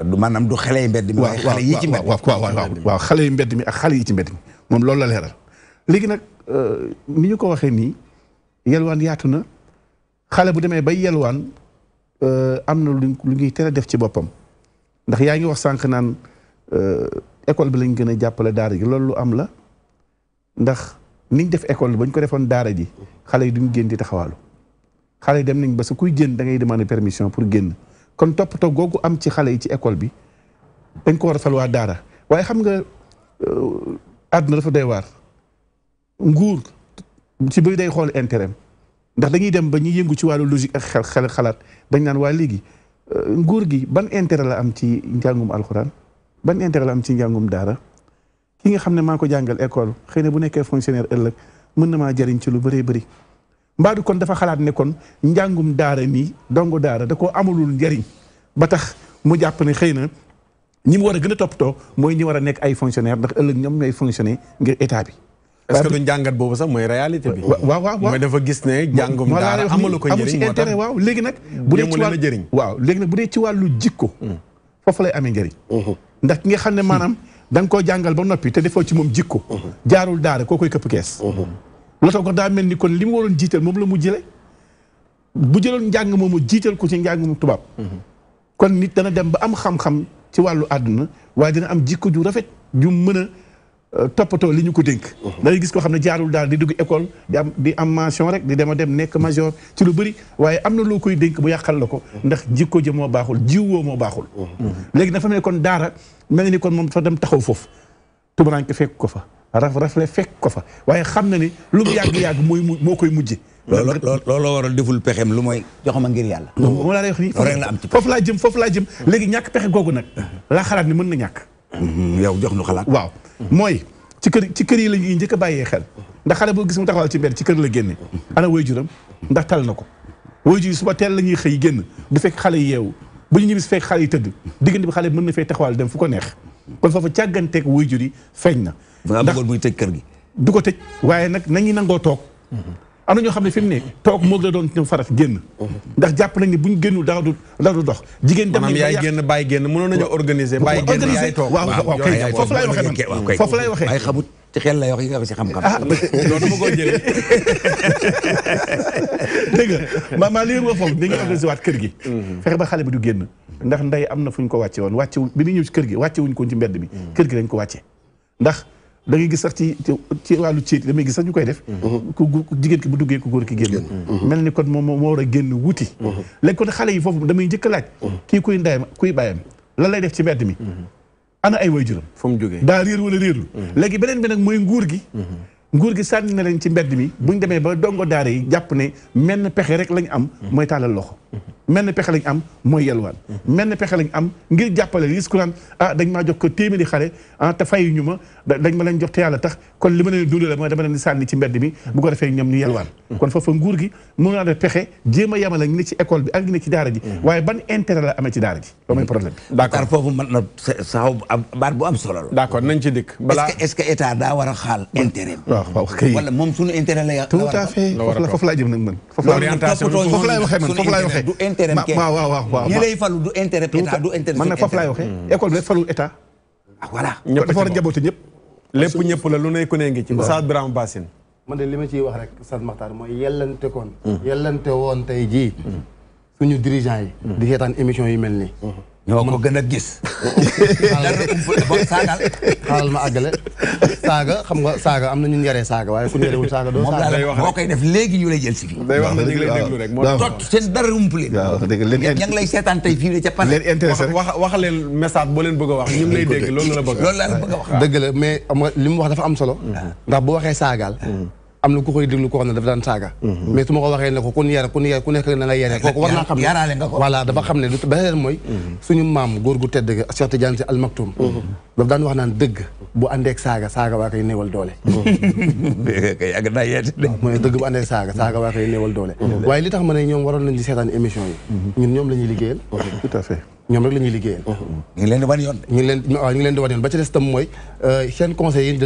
du maanaam du xale yi mbedd mi. waaw xale yi mbedd mi waaw waaw waaw xale ak xale yi mbedd mi moom loolu la leeral. léegi nag euh, ni ñu ko waxee nii yelwaan yaatu na xale bu demee bay yelwaan euh, am na lu lu ñuy tere def ci boppam ndax yaa ngi wax sànq naan euh, école bi lañ gën a jàppale daara ji loolu lu am la ndax niñ def école bañ ko defoon daara ji xale yi duñ génn di taxawaalu xale yi dem nañ ba sa kuy génn da ngay permission pour génn. kon toppatoo googu am ci xale yi ci école bi dañ ko war a fal waa daara waaye xam nga euh, àdduna dafa day waar nguur ci ba day xool intérêt ndax dañuy dem ba ñuy yëngu ci wàllu logique ak xel xel xalaat dañ naan waa léegi euh, nguur gi ban intérêt la am ci njàngum alxuraan ban intérêt la am ci njàngum daara ki nga xam ne maa ko jàngal école xëy na bu nekkee fonctionnaire ëllëg mën na maa jariñ ci lu bëree bëri mbaa du kon dafa xalaat ne kon njàngum daara nii dongo daara da koo amalul njariñ ba tax mu jàpp ne xëy na ñi mu war a gën a toppatoo mooy ñi war a nekk ay fonctionnaire ndax ëllëg ñoom ñooy fonctionner ngir état bi. est-ce que du njàngat boobu sax mooy réalité bi. waaw waaw dafa gis ne njàngum daara amalu ko njëriñ moo tax waaw léegi nag. bu dee ci wàllu jëriñ waaw léegi nag bu dee ci wàllu jikko. Mm. foofu lay amee njëriñ. Mm-hmm. ndax ki nga xam ne maanaam mm-hmm. danga nga koo jàngal ba noppi te defoo ci moom jikko. Mm-hmm. jaarul daara koo koy këpp kees lu tax ko daa mel ni kon li mu waroon jiital moom la mu jële bu jëloon njàng moomu jiital ko ci njàng mu tubaab mm-hmm. kon nit dana dem ba am xam-xam ci wàllu àdduna waaye dina am jikko ju rafet ju mën a euh, toppatoo li ñu ko dénk mm-hmm. dangay gis koo xam ne jaarul daal di dugg école di am di am mention rek di a dem nekk major ci lu bëri waaye am na loo koy dénk bu yàqal la ko mm-hmm. ndax jikko ji moo baaxul jiwoo moo baaxul léegi dafa mel ni kon daara mel ni kon moom fa dem taxaw foofu tubaranke fekk ko fa raf rafle fekk ko fa waaye xam na ni lu mu yàgg-yàgg mooy mu moo koy mujje loolu looloo waral deful pexeem lu mooy joxama ngir yàlla moom laa lay wax nii foofu laa jëm foofu laa jëm léegi ñàkk pexe googu nag laa xalaat ni mën na ñàkk mhm, yow jox nu xalaat waaw mooy ci kër ci kër yi la ñuy njëkk bàyyee xel ndax xale boo gis mu taxawal ci mbedd ci kër la génne ana waajuram ndax tal na ko waajur yi suba teel la ñuy xëy génn du fekk xale yi yeewu bu ñu ñibbisi fekk xale yi tëdd diggante xale mën na fay taxawal dem ko neex kon foofu càgganteeg waajur yi feeñ na. ndax bëggoon muy tëj kër gi. du ko tëj waaye nag nañu nangoo toog. Mm-hmm. am na ñoo xam ne fi ne toog moog la doon ñoom farat génn. Mm-hmm. ndax jàpp nañ ne buñ ñu génnul du dara du dox. jigéen dem nañ yaay génn baay génn mënoon nañu organiser. bàyyi génn yaay toog waaw foofu laay waxee man foofu laay waxee. ci xel lay wax yi nga ko ci xam-xam. ah loolu ma ko jëlee dégg nga maa maa liir nga foog dañuy waat kër gi. Mhm. fexe ba xale bi du génn. ndax ndey am na fu ñu ko wàcce woon wàcce bi ñuy ñëw ci kër gi wàcce wuñ ko ci mbedd mi. Mhm. kër gi dañ ko wàcce ndax. da ngay gis sax ci ci wàllu damay gis sax ñu koy def mhm. ku jigéen ki bu duggee ku góor ki génn mel ni kon moom moo war a génn wuti léegi kon xale yi foofu damay njëkk laaj kii kuy ndeyam kuy bàyyam lan lay def ci mbedd mi ana ay waajuram fu mu jógee daa réer wala réerul mhm. léegi beneen bi nag mooy nguur gi mhm. nguur gi sànni na leen ci mbedd mi buñ demee ba dongo daara yi jàpp ne menn pexe rek lañ am mhm. mooy tàllal loxo mel ni pexe lañ am mooy yelwaan mel pexe lañ am ngir jàppale lis naan ah dañ maa jox ko téeméeri xale ah te fayu ñu ma dañ ma leen jox te yàlla tax kon li ma leen dundale mm-hmm. naa def pexe jéem a yemale ñu ne ci école bi ak ñu ne ci daara ji mm-hmm. waaye ban intérêt la ci daara ji loolu mooy problème na saxaw baat bu am solo la d'accord nañ ci dikk balaa est-ce que état daa war a xaal la tout la jëm nag man foofu laay waxee man du intérêt kenn waaw waaw waaw ñi lay falu du intérêt état du intérêt man nag foofu laay waxee hmm. école bi falul état ah, voilà ñëpp dafa war a njaboote ñëpp lépp ñëpp la lu ne ku ne ngi ci Oustaz Birame Bassine man de li ma ciy wax rek Oustaz Makhtar mooy yellante koon yellante woon tey jii hmm. suñu dirigeant yi. Mm-hmm. di seetaan émission yu mel nii. ñoo ko gën a gis. xaaral ma àggale saaga xam nga saaga am na ñun yaree saaga waaye ku ñu yarewul saaga doo saaga boo koy def léegi ñu lay jël si fii. day wax ne ñu ngi lay déglu rek moo tot seen dara umpule. waaw dëgg leen ña ngi lay seetaan wax wax leen message wax la bëgg a wax. loolu li mu wax dafa am solo. Uh-huh. ndax bu waxee saagaal. Mm-hmm. am na ku koy déglu koo xam ne dafa daan saaga mhm. mais su ma ko waxee ne ko ku ñu yar ku nekk na nga yare kooku war naa xam ne voilà dafa mooy mhm. maam góor gu tedd ga Cheikh Tidiane Sy Al Maktoum mhm. dafa daan wax naan dëgg bu àndeek saaga saaga waa koy newal doole yàgg naa yeete mu ne dëgg bu àndeek saaga saaga waa koy néewal doole waaye li tax ma ne ñoom waroon nañ di seetaan émission yi ñun ñoom la ñuy liggéeyal tout ñoom rek la ñuy liggéeyal. ñu ngi leen di wan yoon. ñu ba ci des tam mooy euh, seen conseil yi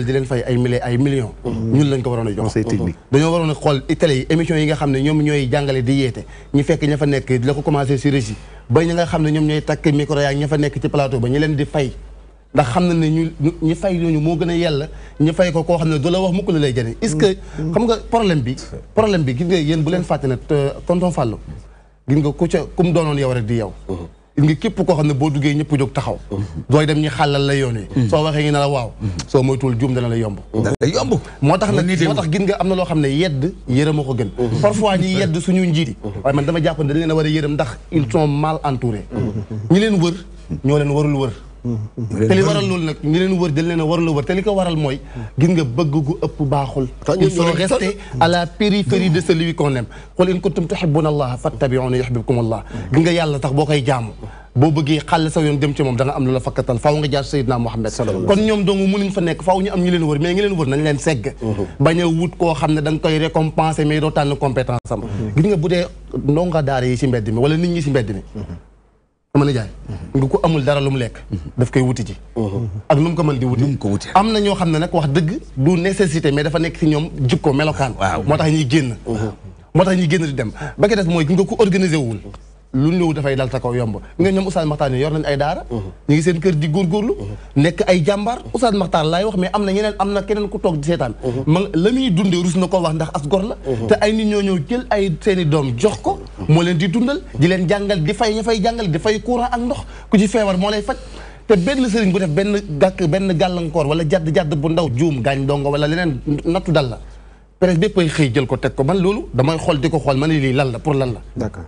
nga xam ne ñoom ñooy jàngale di yeete ñu fekk ña fa nekk di la ko commencé si régie ba ñi nga xam ne ñoom ñooy ñu fay ñu ñu moo gën a yàlla ñu fay ko koo xam ne du la wax mukk la lay jëne est ce que xam nga problème bi problème bi gis nga yéen bu leen fàtte ne euh, tonton Fallou gis nga ku ca doonoon yow rek di yow nga képp koo xam ne boo duggee ñëpp jóg taxaw dooy dem ñi xàllal la yoon yi soo waxee ñu ne la waaw soo moytuwul juum dana la yomb yomb moo tax nag moo tax gin nga am na loo xam ne yedd yërëm a ko gën parfois ñi yedd suñu njiiti waaye man dama jàpp ne dañ leen a war a yërëm ndax ils sont mal entourés ñi leen wër ñoo leen warul wër te li waral loolu nag ñi leen wër dañ leen a warul a wër te li ko waral mooy gis nga bëgg gu ëpp baaxul il faut rester à la périphérie de celui qu'on aime qul in kuntum tuhibbuna allaha fattabi'uni yuhibbukum allah gis yàlla tax boo koy jaamu boo bëggee xàll sa yoon dem ci moom da am lu la fakkatal faaw nga jaar Seydina Muhammad kon ñoom dong mënuñ fa nekk faaw ñu am ñu leen wër mais ngi leen wër nañ leen segg mhm. bañ a wut koo xam ne da koy récompenser sama nijaay nga ko amul dara lu mu lekk daf koy wuti ji ak nu ko mën di wuti am na ñoo xam ne nag wax dëgg du nécessité mais dafa nekk si ñoom jikko melokaan moo tax ñuy génn moo tax ñuy génn di dem ba ki des mooy ki nga ko organisé lu ñëw dafay dal ta kaw yomb nga ñoom Oustaz Makhtar ni yor nañ ay daara ñu ngi seen kër di góorgóorlu nekk ay jàmbaar Oustaz Makhtar laay wax mais am na ñeneen am na keneen ku toog di seetaan ma dundee rus na ko wax ndax as gor la te ay nit ñoo ñëw jël ay seen doom jox ko moo leen di dundal di leen jàngal di fay ña fay jàngal di fay courant ak ndox ku ci feebar moo lay faj te benn sëriñ bu def benn gàkk benn gàllankoor wala jadd jadd bu ndaw juum gaañ dongo wala leneen nattu dal la presse bépp ay xëy jël ko teg ko man loolu damay xool di ko xool man lii lan la pour lan la d'accord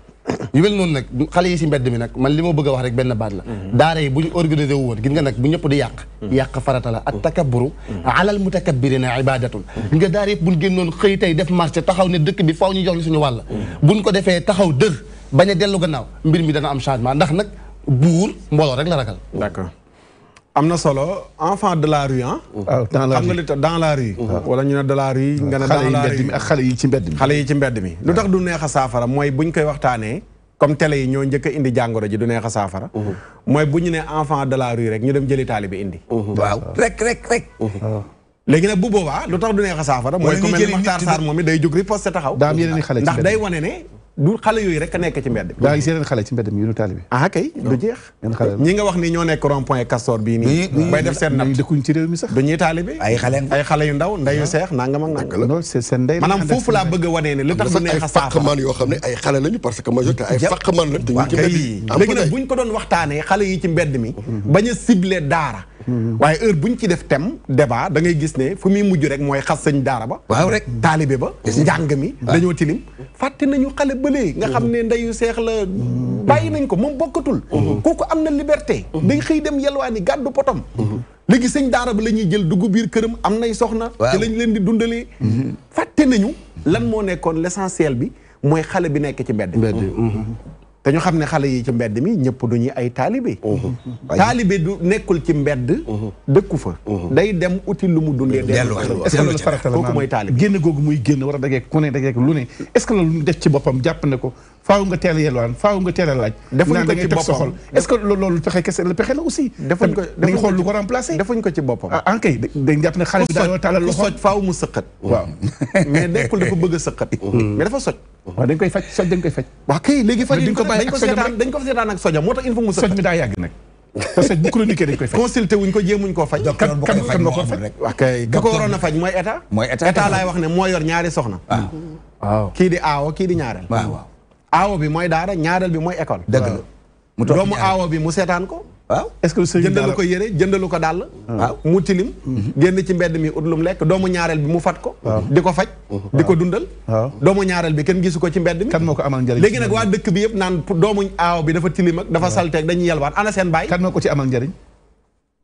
yu mel nag xale yi si mbedd mi nag man li ma bëgg a wax rek benn baat la mhm. daara yi bu ñu organisé wu woon gis nga nag bu ñëpp di yàq mhm. yàq farata la mhm. ak takabburu alal mutakabbirina ibadatun gis nga daara yëpp buñ génnoon xëy tey def marché taxaw ne dëkk bi faaw ñu jox ñu suñu bu buñ ko defee taxaw dër bañ a dellu gannaaw mbir mi dana am changement ndax nag buur mbooloo rek la ragal d'accord am na solo enfant de la rue ah. la rue xam ne de la rue. nga xale yi ci mbedd mi xale yi ci mbedd mi. lu tax du neex a saafara mooy buñ koy waxtaanee comme télé yi ñoo njëkk a indi jàngoro ji du neex a saafara. Mhm. mooy bu ñu ne enfant de la rue rek ñu dem jëli taalibe indi. Mhm. waaw rek rek mhm. ah. léegi nag bu boobaa lu tax du a saafara. mooy ku mel ne Maxtaar Sarr moom it day jóg riposte taxaw. daa am yeneen xale ci mbedd du xale yooyu rek a nekk ci mbedd. daa gis xale ci mbedd mi yu nu taalibe. ah kay du jeex. ñi nga wax ni ñoo nekk rond point Castor bii nii. bay def seen natt dëkkuñ ci réew mi sax. du ñuy taalibe ay foofu laa bëgg a wanee tax du neex a fàqman yoo xam ne ay xale lañu parce que majorité ay fàqman lañu. te ñu ci mbedd mi. bañ a ciblé daara waaye heure buñ ci def thème débat da ngay gis ne fu muy mujj rek mooy xas sëñ daara ba waaw rek taalibe ba njàng mi dañoo tilim fàtte nañu xale bëlee nga xam ne ndeyu seex la bàyyi nañ ko moom bokkatul mhm. kooku am na liberté mhm. day xëy dem yelwaani gàddu potom mhm. léegi sëñ daara ba la ñuy jël dugg biir këram am nay soxna ci lañ leen di dundalee fàtte nañu lan moo nekkoon l'essentiel bi mooy xale bi nekk ci mbedd te ñu xam ne xale yi ci mbedd mi ñëpp du ñuy ay taalibe taalibe du nekkul ci mbedd dëkku fa day dem uti lu mu dundee est-ce que loolu farata la kooku mooy génn googu muy génn war a dageeg ku ne lu ne est-ce que loolu boppam jàpp ne ko faaw nga teel a yelwaan faaw nga teel a laaj. defuñ ko ci boppam est ce que loolu pexe kese la pexe la aussi. defuñ ko defuñ ko xool lu ko remplacer. defuñ ko ci boppam. ah en ah, kay dañ jàpp ne xale bi dañoo tàllal loxo ku soj faaw mu sëqat. waaw mais nekkul dafa bëgg a sëqat. Mm. mais dafa soj. waaw dañ koy faj soj dañ koy faj. waaw kay léegi faj dañ ko bàyyi ak sojam dañ ko seetaan ak sojam moo tax il faut mu sëqat soj mi daa yàgg nag. parce que bu chronique dañ koy faj. consulté wuñ ko jéemuñ koo faj. kan kan kan moo ko faj rek. ko waroon a faj mooy état. mooy état laay wax ne moo yor ñaari soxna. waaw ah. ah. kii di aawo kii di ñaareel. waaw waaw. aawo bi mooy daara ñaareel bi mooy école. dëgg la mu doomu aawo bi mu seetaan ko. waaw est-ce que sëñ jëndalu ko yére jëndalu ko dàll. waaw mu tilim. Mhm. génn ci mbedd mi ut lum lekk doomu ñaareel bi mu fat ko. di ko faj. Mhm. di ko dundal. doomu ñaareel bi kenn gisu ko ci mbedd mi. kan moo ko amal njëriñ léegi nag waa dëkk bi yëpp naan doomu aaw bi dafa tilim ak dafa salteeg dañuy yalwaat ana seen baay. kan moo ko ci amal njariñ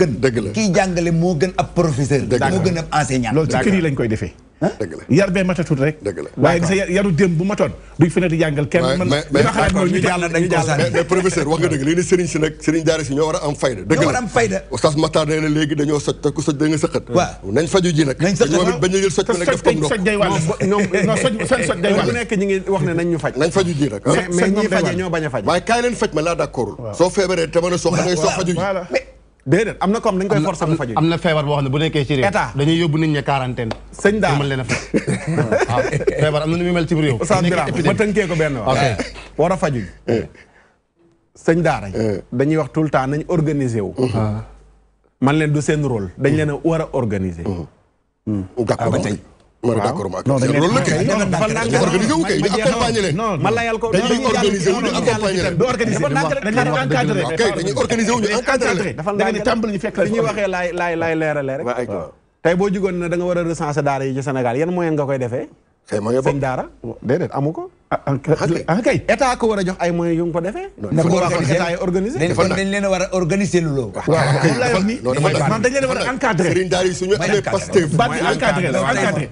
gën. dëgg la kiy jàngale moo gën ab professeur. moo gën ab enseignant. loolu ci kër yi lañ koy defee. yar bee matatul rek. dëgg la waaye gis yaru démb bu matoon duñ fi ne di jàngal kenn. mën li ma xalaat mooy ñu jàll dañ ko sànni mais professeur wax nga dëgg léegi sëriñ si nag sëriñ daara si ñoo war a am fayda. dëgg la ñoo war a am fayda. oustaz Matar nee na léegi dañoo soj te ku soj da nga sëqat. waaw nañ faju ji nag. nañ sëqat moom it bañ a jël soj ma nag def comme ndox. soj day wàll ñoom ñoom soj seen soj day wàll. bu nekk ñu ngi wax ne nañ ñu faj. nañ faju ji nag. Ah. mais ñii faje ñoo bañ a faj. waaye kaay leen faj ma laa d'accordul. soo feebaree te mën a soo xam ngay soo faju ji déedéet am na comme dañ koy forcer mu faju am na feebar boo xam ne bu nekkee ci réew état dañuy yóbbu nit ñi quarantaine sëñ a faj waaw feebar am na nu muy mel ci réew Oustaz Birame ma tënkee ko benn wax war a faju eh. sëñ daara eh. dañuy wax tout le temps nañ organiser wu uh-huh. man leen du seen rôle dañ leen a war a organiser d'accord uh-huh. hmm. ah, waaw d'accord ma ma layal ko dañuy organisé wu ñu accompagné leen kay dañuy ñu fekk la ñuy waxee laay laay laay leerale rek boo jugoon ne da nga war a recenser daara yi ci Sénégal yan moyen nga koy defee sëñ daara déedéet amu ko ah kay état ko war a jox ay moyens yu ko defee. dafa war a état yi organisé. dañ leen a war a organiser lu loo. waaw waaw ni man dañ leen a war a encadré. Serigne Daara yi suñu amee Pastef. mooy encadré la encadré.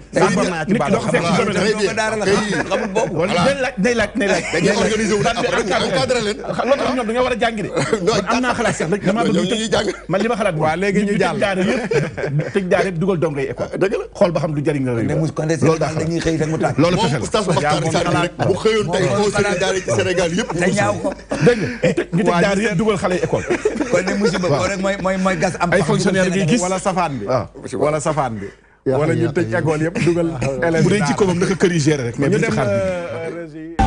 nit ki doo ko fekk ci domaine bi xamul boobu. voilà day laaj day laaj. dañuy organisé wu encadré leen. loolu tax ñoom dañoo war a jàng de. man am naa xalaat sax dama bëgg ñu tëj man li ma xalaat. waaw léegi ñu jàll tëj daara yëpp tëj daara yëpp dugal dongay école. dëgg la xool ba xam du jariñ la loolu daal loolu daal bu xëyoon tey au Sénégal daara ci Sénégal yëpp. te ñaaw ko dégg nga ñu teg daara yëpp dugal xale école. kon ne musiba ko rek mooy mooy mooy gas am. ay fonctionnaire ngay gis wala safaan bi. Ah. wala safaan bi. wala ñu tëj école yëpp dugal. élèves bu dee ci ko moom naka kër yi gérer rek. mais bu ñu ci xaar bi euh,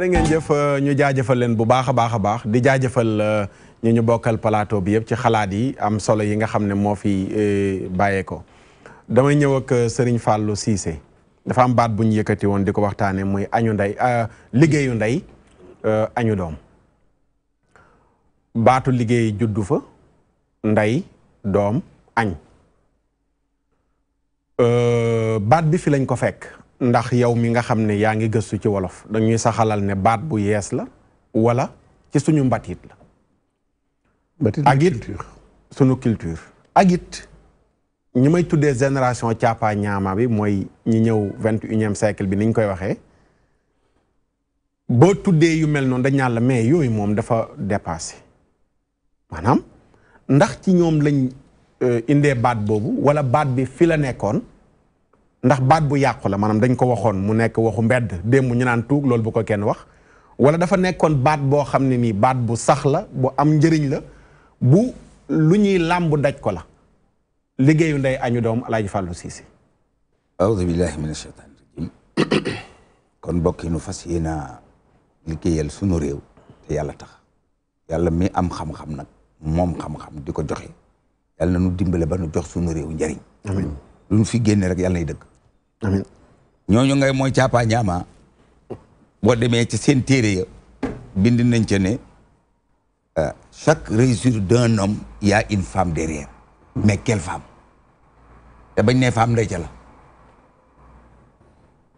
jërë ngeen jëf euh, ñu jaajëfal leen bu baax a baax a baax di jaajëfal euh, ñu ñu bokkal plateau bi yëpp ci xalaat yi am solo yi nga xam ne moo fi euh, bàyyeekoo damay ñëw ak Serigne Fallou Cissé dafa am baat bu ñu yëkkati woon di ko waxtaanee muy añu ndey liggéeyu ndey añu doom baatu liggéey juddu fa ndey doom añ baat bi fi lañ ko fekk. ndax yow mi nga xam ne yaa ngi gëstu ci wolof dañuy saxalal ne baat bu yees la wala ci suñu mbatit la ak it suñu culture ak it ñi may tuddee génération caapa ñaama bi mooy ñi ñëw vingt unième siècle bi niñ koy waxee boo tuddee yu mel noonu dañ naan la mais yooyu moom dafa dépassé maanaam ndax ci ñoom lañ euh, indee baat boobu wala baat bi fi la nekkoon ndax baat bu yàqu la maanaam dañ ko waxoon mu nekk waxu mbedd démb ñu naan tuug loolu bu ko kenn wax wala dafa nekkoon baat boo xam ne nii baat bu sax la bu am njëriñ la bu lu ñuy làmb daj ko la liggéeyu ndey añu doom alaaji fàllu siisi aoudu billahi min ashaitan kon mbokk yi nu fas na liggéeyal sunu réew te yàlla tax yàlla mi am xam-xam nag moom xam-xam di ko joxe yàlla na nu dimbale ba nu jox sunu réew njëriñ amiin lu nu fi génne rek yàlla nay dëkk ñooñu ngay mooy caapaa ñaama boo demee ci seen téere ya bind nañ ci ne euh, chaque réussite d'un homme yaa a une femme derrière mais quelle femme te bañ ne femme ndey ca la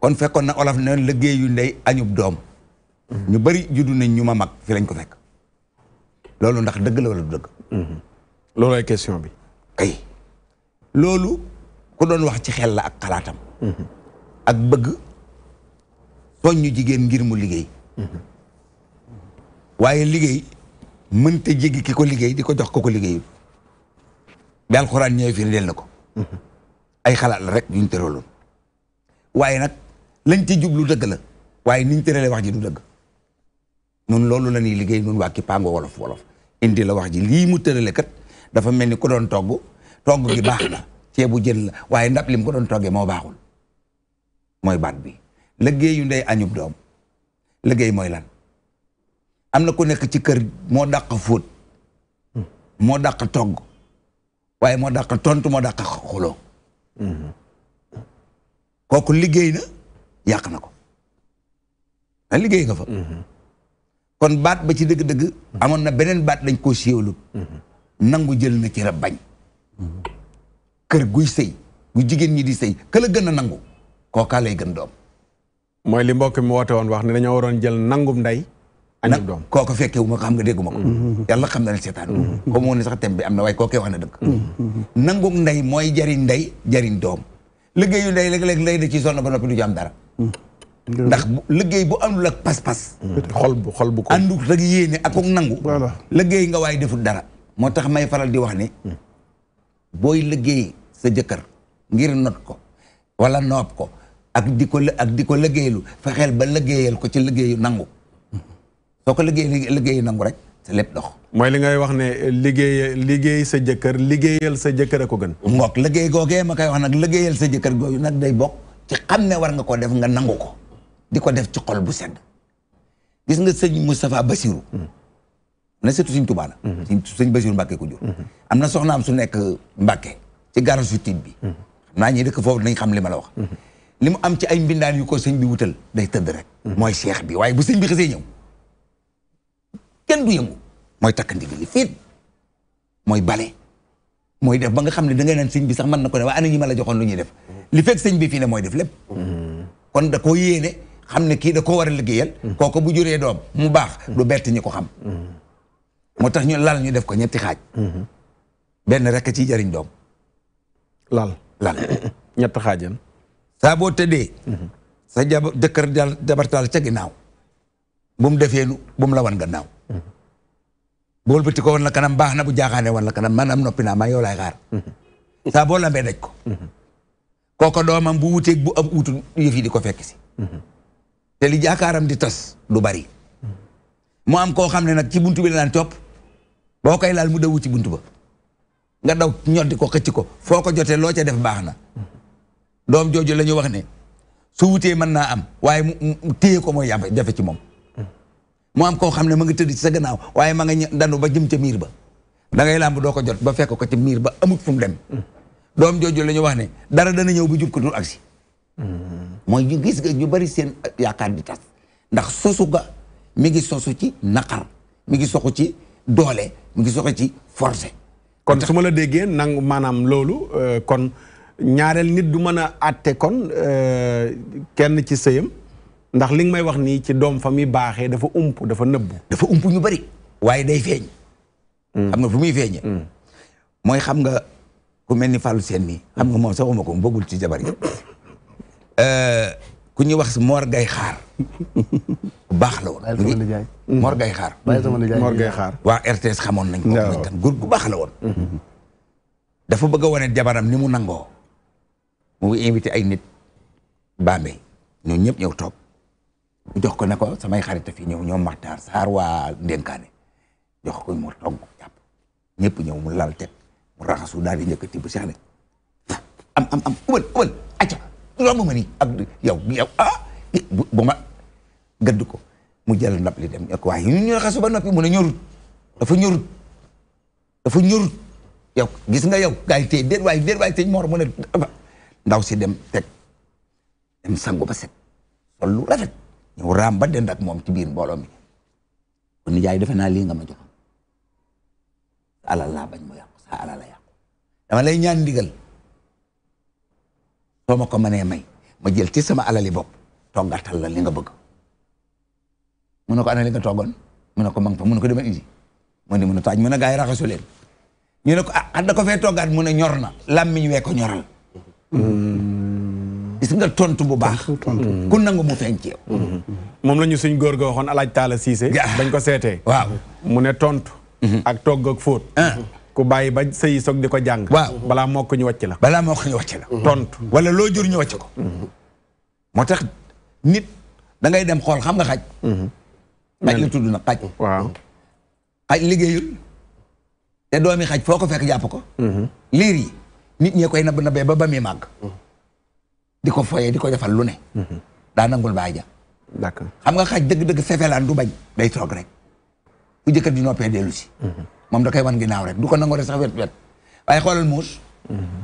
kon fekkoon na olof na liggéeyu ndey añub doom ñu bari juddu nañ ñu ma mag fi lañ ko fekk loolu ndax dëgg la wala dëgg mm-hmm. loolu ay question bi kay loolu ku doon wax ci xel la ak xalaatam ak bëgg soññu jigéen ngir mu liggéey waaye liggéey mënta jéggi ki ko liggéey di ko jox ko ko liggéeyul bi alxuraan ñëwee fii deel na ko ay xalaat la rek yuñ tëraloon waaye nag lañ ci jublu dëgg la waaye niñ tëralee wax ji du dëgg nun loolu la ñuy liggéey nun waa Kipango wolof wolof indi la wax ji lii mu tërale kat dafa mel ni ko doon togg togg gi baax na ceebu jën la waaye ndab lim ko doon toggee moo baaxul mooy baat bi liggéeyu ndey añub doom liggéey mooy lan am na ku nekk ci kër moo dàq fóot moo dàq togg waaye moo dàq tontu moo dàq xuloo kooku liggéey na yàq na ko a ah, liggéey nga fa kon baat ba ci dëgg-dëgg amoon na beneen baat dañ koo siiwalu nangu jël na ci rab bañ kër guy sëy bu jigéen ñi di sëy këla gën a nangu kookaa lay gën doom mooy li mbokk mi woote woon wax ne dañoo waroon jël nangum nday añub doom kooko fekkee wu ma ko xam nga dégguma ko mm-hmm. Mm-hmm. yàlla xam na ne seetaan mm-hmm. comme woon ne sax thème bi na waaye kookee wax na dëgg nangum nday mooy jariñ nday jariñ doom liggéeyu nday léeg-léeg nday da ciy sonn ba noppi du ci am dara liggéey bu àndul ak pas-pas bu xol bu ko àndul rek yéene ak ak liggéey nga waaye deful dara moo tax may faral di wax ni booy liggéey sa jëkkër ngir not ko wala noob ko ak di ko ak di ko liggéeylu fexeel ba liggéeyal ko ci liggéeyu nangu soo ko liggéey liggéeyu nangu rek sa lépp dox mooy li ngay wax ne liggéey liggéey sa jëkkër liggéeyal sa jëkkër a ko gën ngoog liggéey googee ma koy wax na liggéeyal sa jëkkër googu nag day bokk ci xam ne war nga ko def nga nangu ko di ko def ci xol bu sedd gis nga sëñ Moustapha Bassirou na surtout sëñ Touba la mhm. sëñ Bassirou Mbacke ko jur mhm. am na soxnaam su nekk Mbacke ci garasu tiit bi mhm. naa ñi dëkk foofu nañ xam li ma la wax li mu am ci ay mbindaan yu ko sëñ bi wutal day tëdd rek. Mhm. mooy seex bi waaye bu sëñ bi xasee ñëw kenn du yëngu mooy takk ndigg li fiit mooy bale mooy def ba nga xam ne danga ngay naan bi sax man na ko ne waaye ana ñi ma la joxoon lu ñuy def mhm. li fekk sëñ bi fii ne mooy def lépp. Mhm. kon da ko yéene xam ne kii da koo war a liggéeyal. kooku bu juree doom mu baax du berti ñu ko xam. moo tax ñu lal ñu def ko ñetti xaaj. benn rek ci jariñ doom. lal lal ñetti xaajam. saa boo tëddee sa jabo jëkkër daal jabartaal ca ci ginaaw bum defee lu bum la wan gannaaw bool bëti ko wan la kanam baxna bu jaxane won la kanam manam nopi na ma yow lay xaar saa boo daj ko koko domam bu wutek bu am utul yefi di ko fekk ci te li jaakaaram di tas lu bari mo am ko xamne nak ci buntu bi la top bokay lal mu dewu ci buntu ba nga daw ñoddi ko xecci ko foko jotté lo ca def baxna doom jooju la ñu wax ne su wutee mën naa am waaye mu téye ko mooy jafe ci moom mm. mu am koo xam ne ma nga tëdd ci sa gannaaw waaye ma nga danu ba jëm ca miir ba da ngay làmb doo ko jot ba fekk ko ci miir ba amut fu mu dem mm. doom jooju lañu wax ne dara dana ñëw bu jub ko dul agsi mm. mooy ñu gis nga ñu bari seen yaakaar di tas ndax sosu ga mi ngi sosu ci naqar mi ngi soxu ci doole mi ngi soxu ci forcé kon su ma la déggee nangu maanaam loolu euh, kon ñaareel nit du mën a àtte kon euh, kenn ci sëyam ndax li may wax nii ci doom fa mi baaxee dafa ump dafa nëbbu. dafa ump ñu bari waaye day feeñ. Hmm. xam nga fu muy feeñee. Hmm. mooy xam nga ku mel ni Fallou seen mi xam nga moom saxuma ko mu ci jabar yi euh, ku ñuy wax Mor Gay Xaar bu baax la woon. mu ngi hmm. Mor Gay Xaar. Mor Gay Xaar. waa RTS xamoon nañ góor bu baax la woon. dafa bëgg a wane jabaram ni mu nangoo. mu ngi invité ay nit Bambey ñooñu ñëpp ñëw toog mu jox ko ne ko samay xarit fi ñëw ñoom Maxtaar Saar waa Ndenkaane jox ko mu togg jàpp ñëpp ñëw mu lal teg mu raxasu daal di njëkk a tibb seex ne am am am ubal ubal acca romb ma yow yow ah, bu ma gëdd ko mu jal ndab li dem ak waaye ñu raxasu ba noppi mu ne ñorut dafa ñorut dafa ñorut yow gis nga yow gaa yi téye waay waaye déet waaye téye mu ne ndaw si dem teg dem sangu ba set sol lu rafet ñëw raam ba dend ak moom ci biir mbooloo mi kon nijaay defe naa lii nga ma joxoon sa alal laa bañ mu yàqu sa alal la yàqu lay ñaan ndigal soo ma ko mënee may ma jël ci sama alali bopp toggatal la li nga bëgg mu ne ko ana li nga mu ne ko mang fa mu ko demal indi mu ne mu ne taaj mu ne gaa yi raxasu leen ñu ne ko ah, a da ko fee toggaat mu ne ñor na làmmiñ wee ko ñoral gis nga tontu bu baax. Mm. ku nangu mu feeñ ci mm-hmm. moom la ñu suñ góor ga waxoon alaaj taala siise bañ ko seetee. waaw mu ne tontu. Mm-hmm. ak toog ak fóot. Ah. ku bàyyi ba sëyi soog di ko jàng. waaw balaa mokk ñu wàcc la. balaa mokk ñu wàcc la. Mm-hmm. tontu wala loo jur ñu wàcc ko. moo tax nit dangay dem xool xam nga xaj. xaj la tudd na xaj. waaw xaj liggéeyul. te doomi xaj foo ko fekk jàpp ko. liir yi. nit ñee koy nab nabee ba ba muy màgg di ko foyee di ko defal lu ne mhm. daa nangul baa ja d'accord xam nga xaj dëgg-dëgg sefelaan du bañ day toog rek bu jëkkër di noppee dellu si mhm. moom da koy wan ginnaaw rek du ko nangoo rek sax wet wet waaye xoolal muus mhm.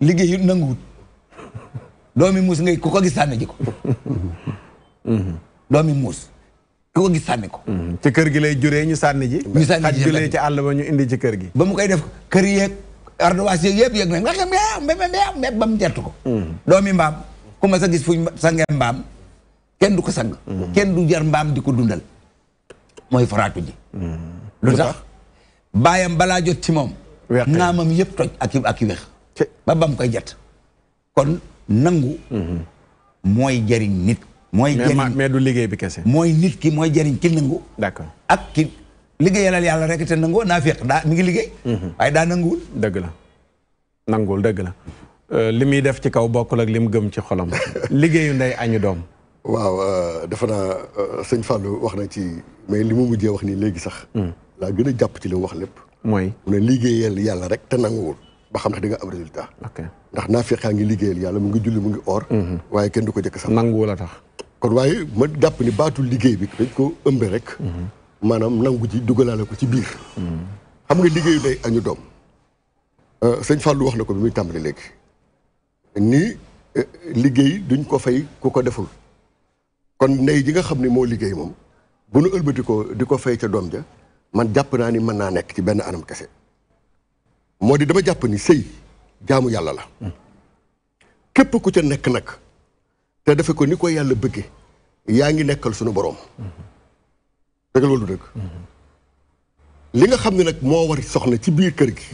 liggéeyu nanguwut doomi muus ngay ku ko gis sànni ji ko doomi muus ku ko gis sànni ci kër gi lay juree ñu sànni ji ñu sànni ji xaj lay ci àll ba ñu indi ci kër gi ba mu koy def kër yeeg ordonnance yeeg yëpp yëg nañ nga xam mbé mbé mbé ba mu jett ko mm. doomi mbaam ku ma sa gis fuñ sangee mbaam kenn du ko sang mm. kenn du jar mbaam di ko dundal mooy faraatu ji mm. lu tax baayam balaa jot ci moom naamam yëpp toj ak i ak i weex ba bam koy jett kon nangu mm-hmm. mooy jariñ nit mooy jariñ mais du liggéey bi kese mooy nit ki mooy jariñ ki nangu d'accord ak ki liggéeyalal yàlla rek te nangoo naa féq daa ngi liggéey mhm. waaye daa nanguwul dëgg la nanguwul dëgg la euh, li muy def ci kaw bokkul ak li mu gëm ci xolam liggéeyu ndey añu doom waaw euh, dafa naa euh, sëñ Fallou wax na ci mais li mu mujjee wax nii léegi sax hmm. laa gën a jàpp ci li wax lépp mooy mu ne liggéeyal yàlla rek te nanguwul ba xam na di nga am résultat ndax naa féqaa ngi liggéeyal yàlla mu ngi julli mu ngi or hmm. waaye kenn du ko jëkk sax nanguwul a tax kon waaye ma jàpp ni baatu liggéey bi dañ ko ëmbe rek hmm. maanaam nangu ci dugalaale ko ci biir. xam nga liggéeyu day añu doom. Euh, sëñ Fallou wax na ko bi muy tàmbali léegi. ni euh, liggéey duñ ko fay ku ko deful. kon ndey ji nga xam ni moo liggéey moom. bu nu ëlbati ko di ko fay ca doom ja. man jàpp naa ni mën naa nekk ci benn anam kese. moo di dama jàpp ni sëy jaamu yàlla la. képp ku ca nekk nag. te defe ko ni ko yàlla bëgge yaa ngi nekkal sunu boroom. dëgg loolu li nga xam ne nag moo war soxna ci biir kër gi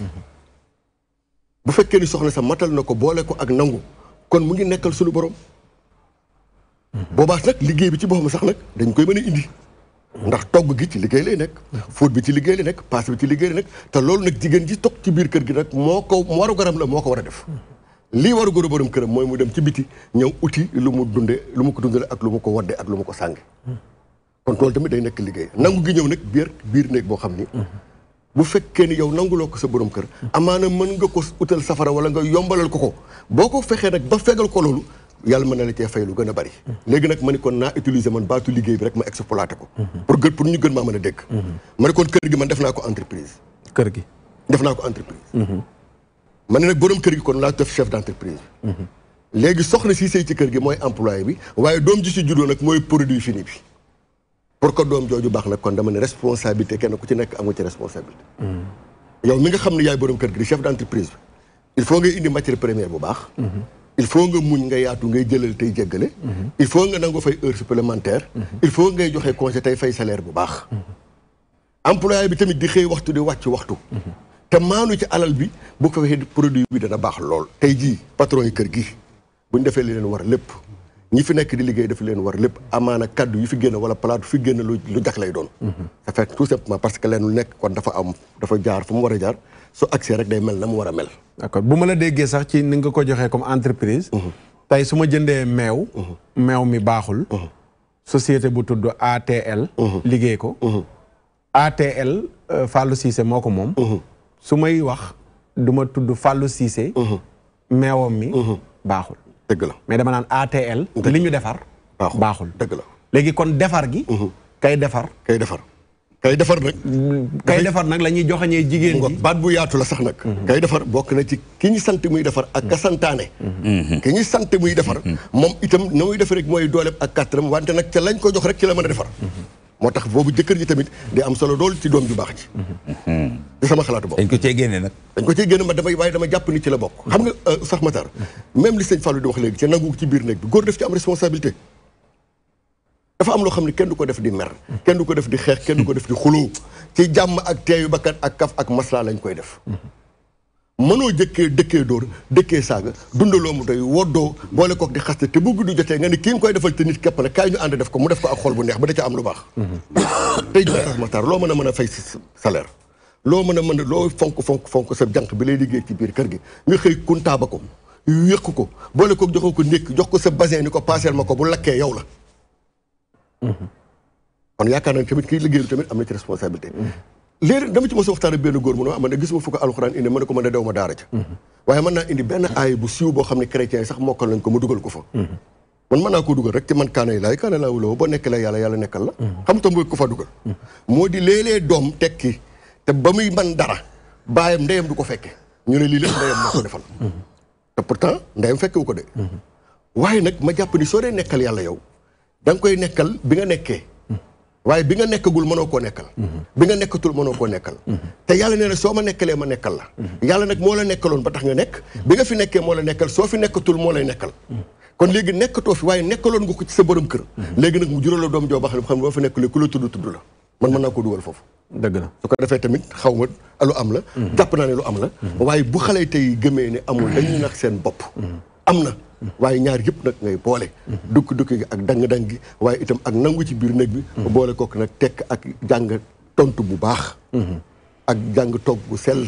bu fekkee ni soxna sa matal na ko boole ko ak nangu kon mu ngi nekkal suñu borom boobaas nag liggéey bi ci boppam sax nag dañ koy mën indi ndax togg gi ci liggéey lay nekk fóot bi ci liggéey lay nekk paas bi ci liggéey lay nekk te loolu nag jigéen ji toog ci biir kër gi nag moo ko waru garam la moo ko war a def lii waru góor borom këram mooy mu dem ci biti ñëw uti lu mu dunde lu mu ko dundale ak lu mu ko wadde ak lu mu ko sànge kon loolu tamit day nekk liggéey nangu gi ñëw nag biir biir néeg boo xam ni mhm. bu fekkee ni yow loo ko sa borom kër mhm. amaana mën nga ko utal safara wala nga yombalal ko ko boo ko fexee nag ba fegal ko loolu yàlla mën na la cee fay lu gën a bari mhm. léegi nag ma ni kon naa utiliser man baatu liggéey bi rek ma exploité ko pour gën pour ñu gën maa a dégg ma ni kon kër gi man def naa ko entreprise kër gi def naa ko entreprise ma ne nag borom kër gi kon laa def chef d' entreprise léegi soxna si sëy ci kër gi mooy employé bi waaye doom ji si juddoo nag mooy produit fini bi pour que doom jooju baax nag kon dama ne responsabilité kenn ku ci nekk amu ci responsabilité. yow mi nga xam ne yaay borom kër gi di chef d' entreprise bi. il faut nga indi matière première bu baax. il faut nga muñ nga yaatu ngay jëlal tey jéggale. il faut nga nangu fay heure supplémentaire. il faut ngay joxe congé tey fay salaire bu baax. employé bi tamit di xëy waxtu di wàcc waxtu. te maanu ci alal bi bu ko fexee produit bi dana baax lool. tey jii patron yi kër gi bu ñu defee li leen war lépp. ñi fi nekk di liggéey dafa leen war lépp amaana kaddu yu fi génn wala palaatu fi génn lu lu jax lay doon en mhm. fait parce que leen lu nekk kon dafa am dafa jaar fu mu war a jaar su accès rek day mel na mu war a mel d'accord bu ma la déggee sax ci ni nga ko joxee comme entreprise mhm. tey su ma jëndee meew mhm. meew mi baaxul société bu tudd ATL liggéey ko ATL euh, Fallou Cissé moo ko moom su may wax du ma tudd Fallou Cissé meewam mi baaxul dëgg la mais dama naan ATL. li ñu defar. baaxul dëgg la léegi kon defar gi. Mhm. kay defar kay defar. kay defar nag. kay defar nag la ñuy joxañee jigéen ñi. baat bu yaatu la sax nag. Mhm. kay defar bokk na ci ki ñu sant muy defar ak ka mhm. santaane. ki ñu sant muy defar. moom itam na muy defar rek mooy dooleem ak kàttanam wante nag ca lañ ko jox rek ci la mën a defar. moo tax boobu jëkkër ji tamit di am solo dool ci doom ju baax ji mhm. sama xalaat bopp dañ ko cee génne nag dañ ko cee génne ma damay waaye dama jàpp ni ci la bokk xam nga euh, sax matar même li sëñ Fallou di wax léegi ci nangu ci biir néeg bi góor def ci am responsabilité dafa am loo xam ne kenn du ko def di mer kenn du ko def di xeex kenn du ko def di xuloo ci jàmm ak teeyu bakkat ak kaf ak maslaa lañ koy def mënoo jëkkee dëkkee dóor dëkkee saaga dundaloo mu doy woddoo boole kook di xaste te bu guddi jotee nga ni ki koy defal te nit képp la kaay ñu ànd def ko mu def ko ak xol bu neex ba da ca am lu baax mhm. tey ji Oustaz Makhtar loo mën a mën a fay si salaire loo mën a mën a loo fonk fonk fonk sa jànq bi lay liggéey ci biir kër gi nga xëy kuntaaba ko yëq ko boole kook joxoo ko ndékk jox ko sa basin ni ko paaseel ma ko bu lakkee yow mhm. kon yaakaar nañ tamit kiy liggéeylu tamit am na ci responsabilité mhm. léegi dama ci mos a waxtaan ak benn góor mu ne ma ah, ne gisuma fu alxuraan indi ma ne ko mën a daw ma daara ca mhm. waaye mën naa indi benn aay bu siiw boo xam ne chrétien yi sax mokkal nañ ko mu dugal ko fa mhm. man mën naa koo dugal rek ci man kaana yi laay kaana laa wulawo boo nekk la yàlla yàlla nekkal la mhm. xam tam boo ko fa dugal moo di léeg-léeg doom tekki te ba muy man dara baayam ndeyam du ko fekke ñu ne lii lépp ndeyam moo ko defal te pourtant ndeyam fekkewu ko de waaye nag ma jàpp ni soo dee nekkal yàlla yow da nga koy nekkal bi nga nekkee waaye bi nga nekkagul mënoo koo nekkal mhm. bi nga nekkatul mënoo koo nekkal mhm. te yàlla nee na soo ma nekkalee ma nekkal la mhm. yàlla nag moo la nekkaloon ba tax nga nekk bi nga fi nekkee moo la nekkal soo fi nekkatul moo lay nekkal kon léegi nekkatoo fi waaye nekkaloon nga ko ci sa borom kër léegi nag mu jural la doom joo ba xam ne boo fa nekkalee ku la tudd tudd la man mën naa ko dugal foofu dëgg la su ko defee tamit xaw ma lu am la jàpp naa ne lu am la waaye bu xale tey gëmee ne amul dañuy nax seen bopp am na waaye ñaar yëpp nag ngay boole dukki-dukki gi ak dang-dang gi waaye itam ak nangu ci biir néeg bi boole kook nag tekk ak jàng tontu bu baax ak jàng toog bu sell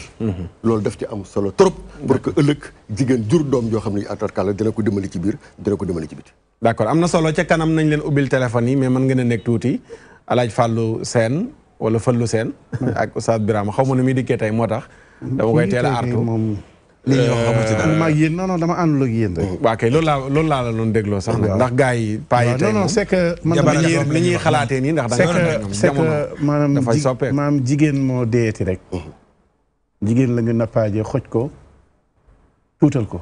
loolu daf ci am solo trop pour que ëllëg jigéen jur doom joo xam ne atarkalla dina ko dimbali ci biir dina ko dimbali ci biti d'accord am na solo ca kanam nañ leen ubbil téléphone yi mais mën ngeen a nekk tuuti alaaj Fallou seen wala Fallou Sène ak Oustaz Birama xaw ma nu muy dikkee tey moo tax da koy teel a artu li ñu wax dama àndul ak yéen rek. Mm. waa kay loolu laa loolu laa la doon dégloo sax nag ndax gars yi. paa yi tey moom jabar yi xalaatee nii ndax. da nga maanaam dafay soppeeku maanaam jigéen moo deeti rek. Mm-hmm. jigéen la ñu nappaaje xoj ko tuutal ko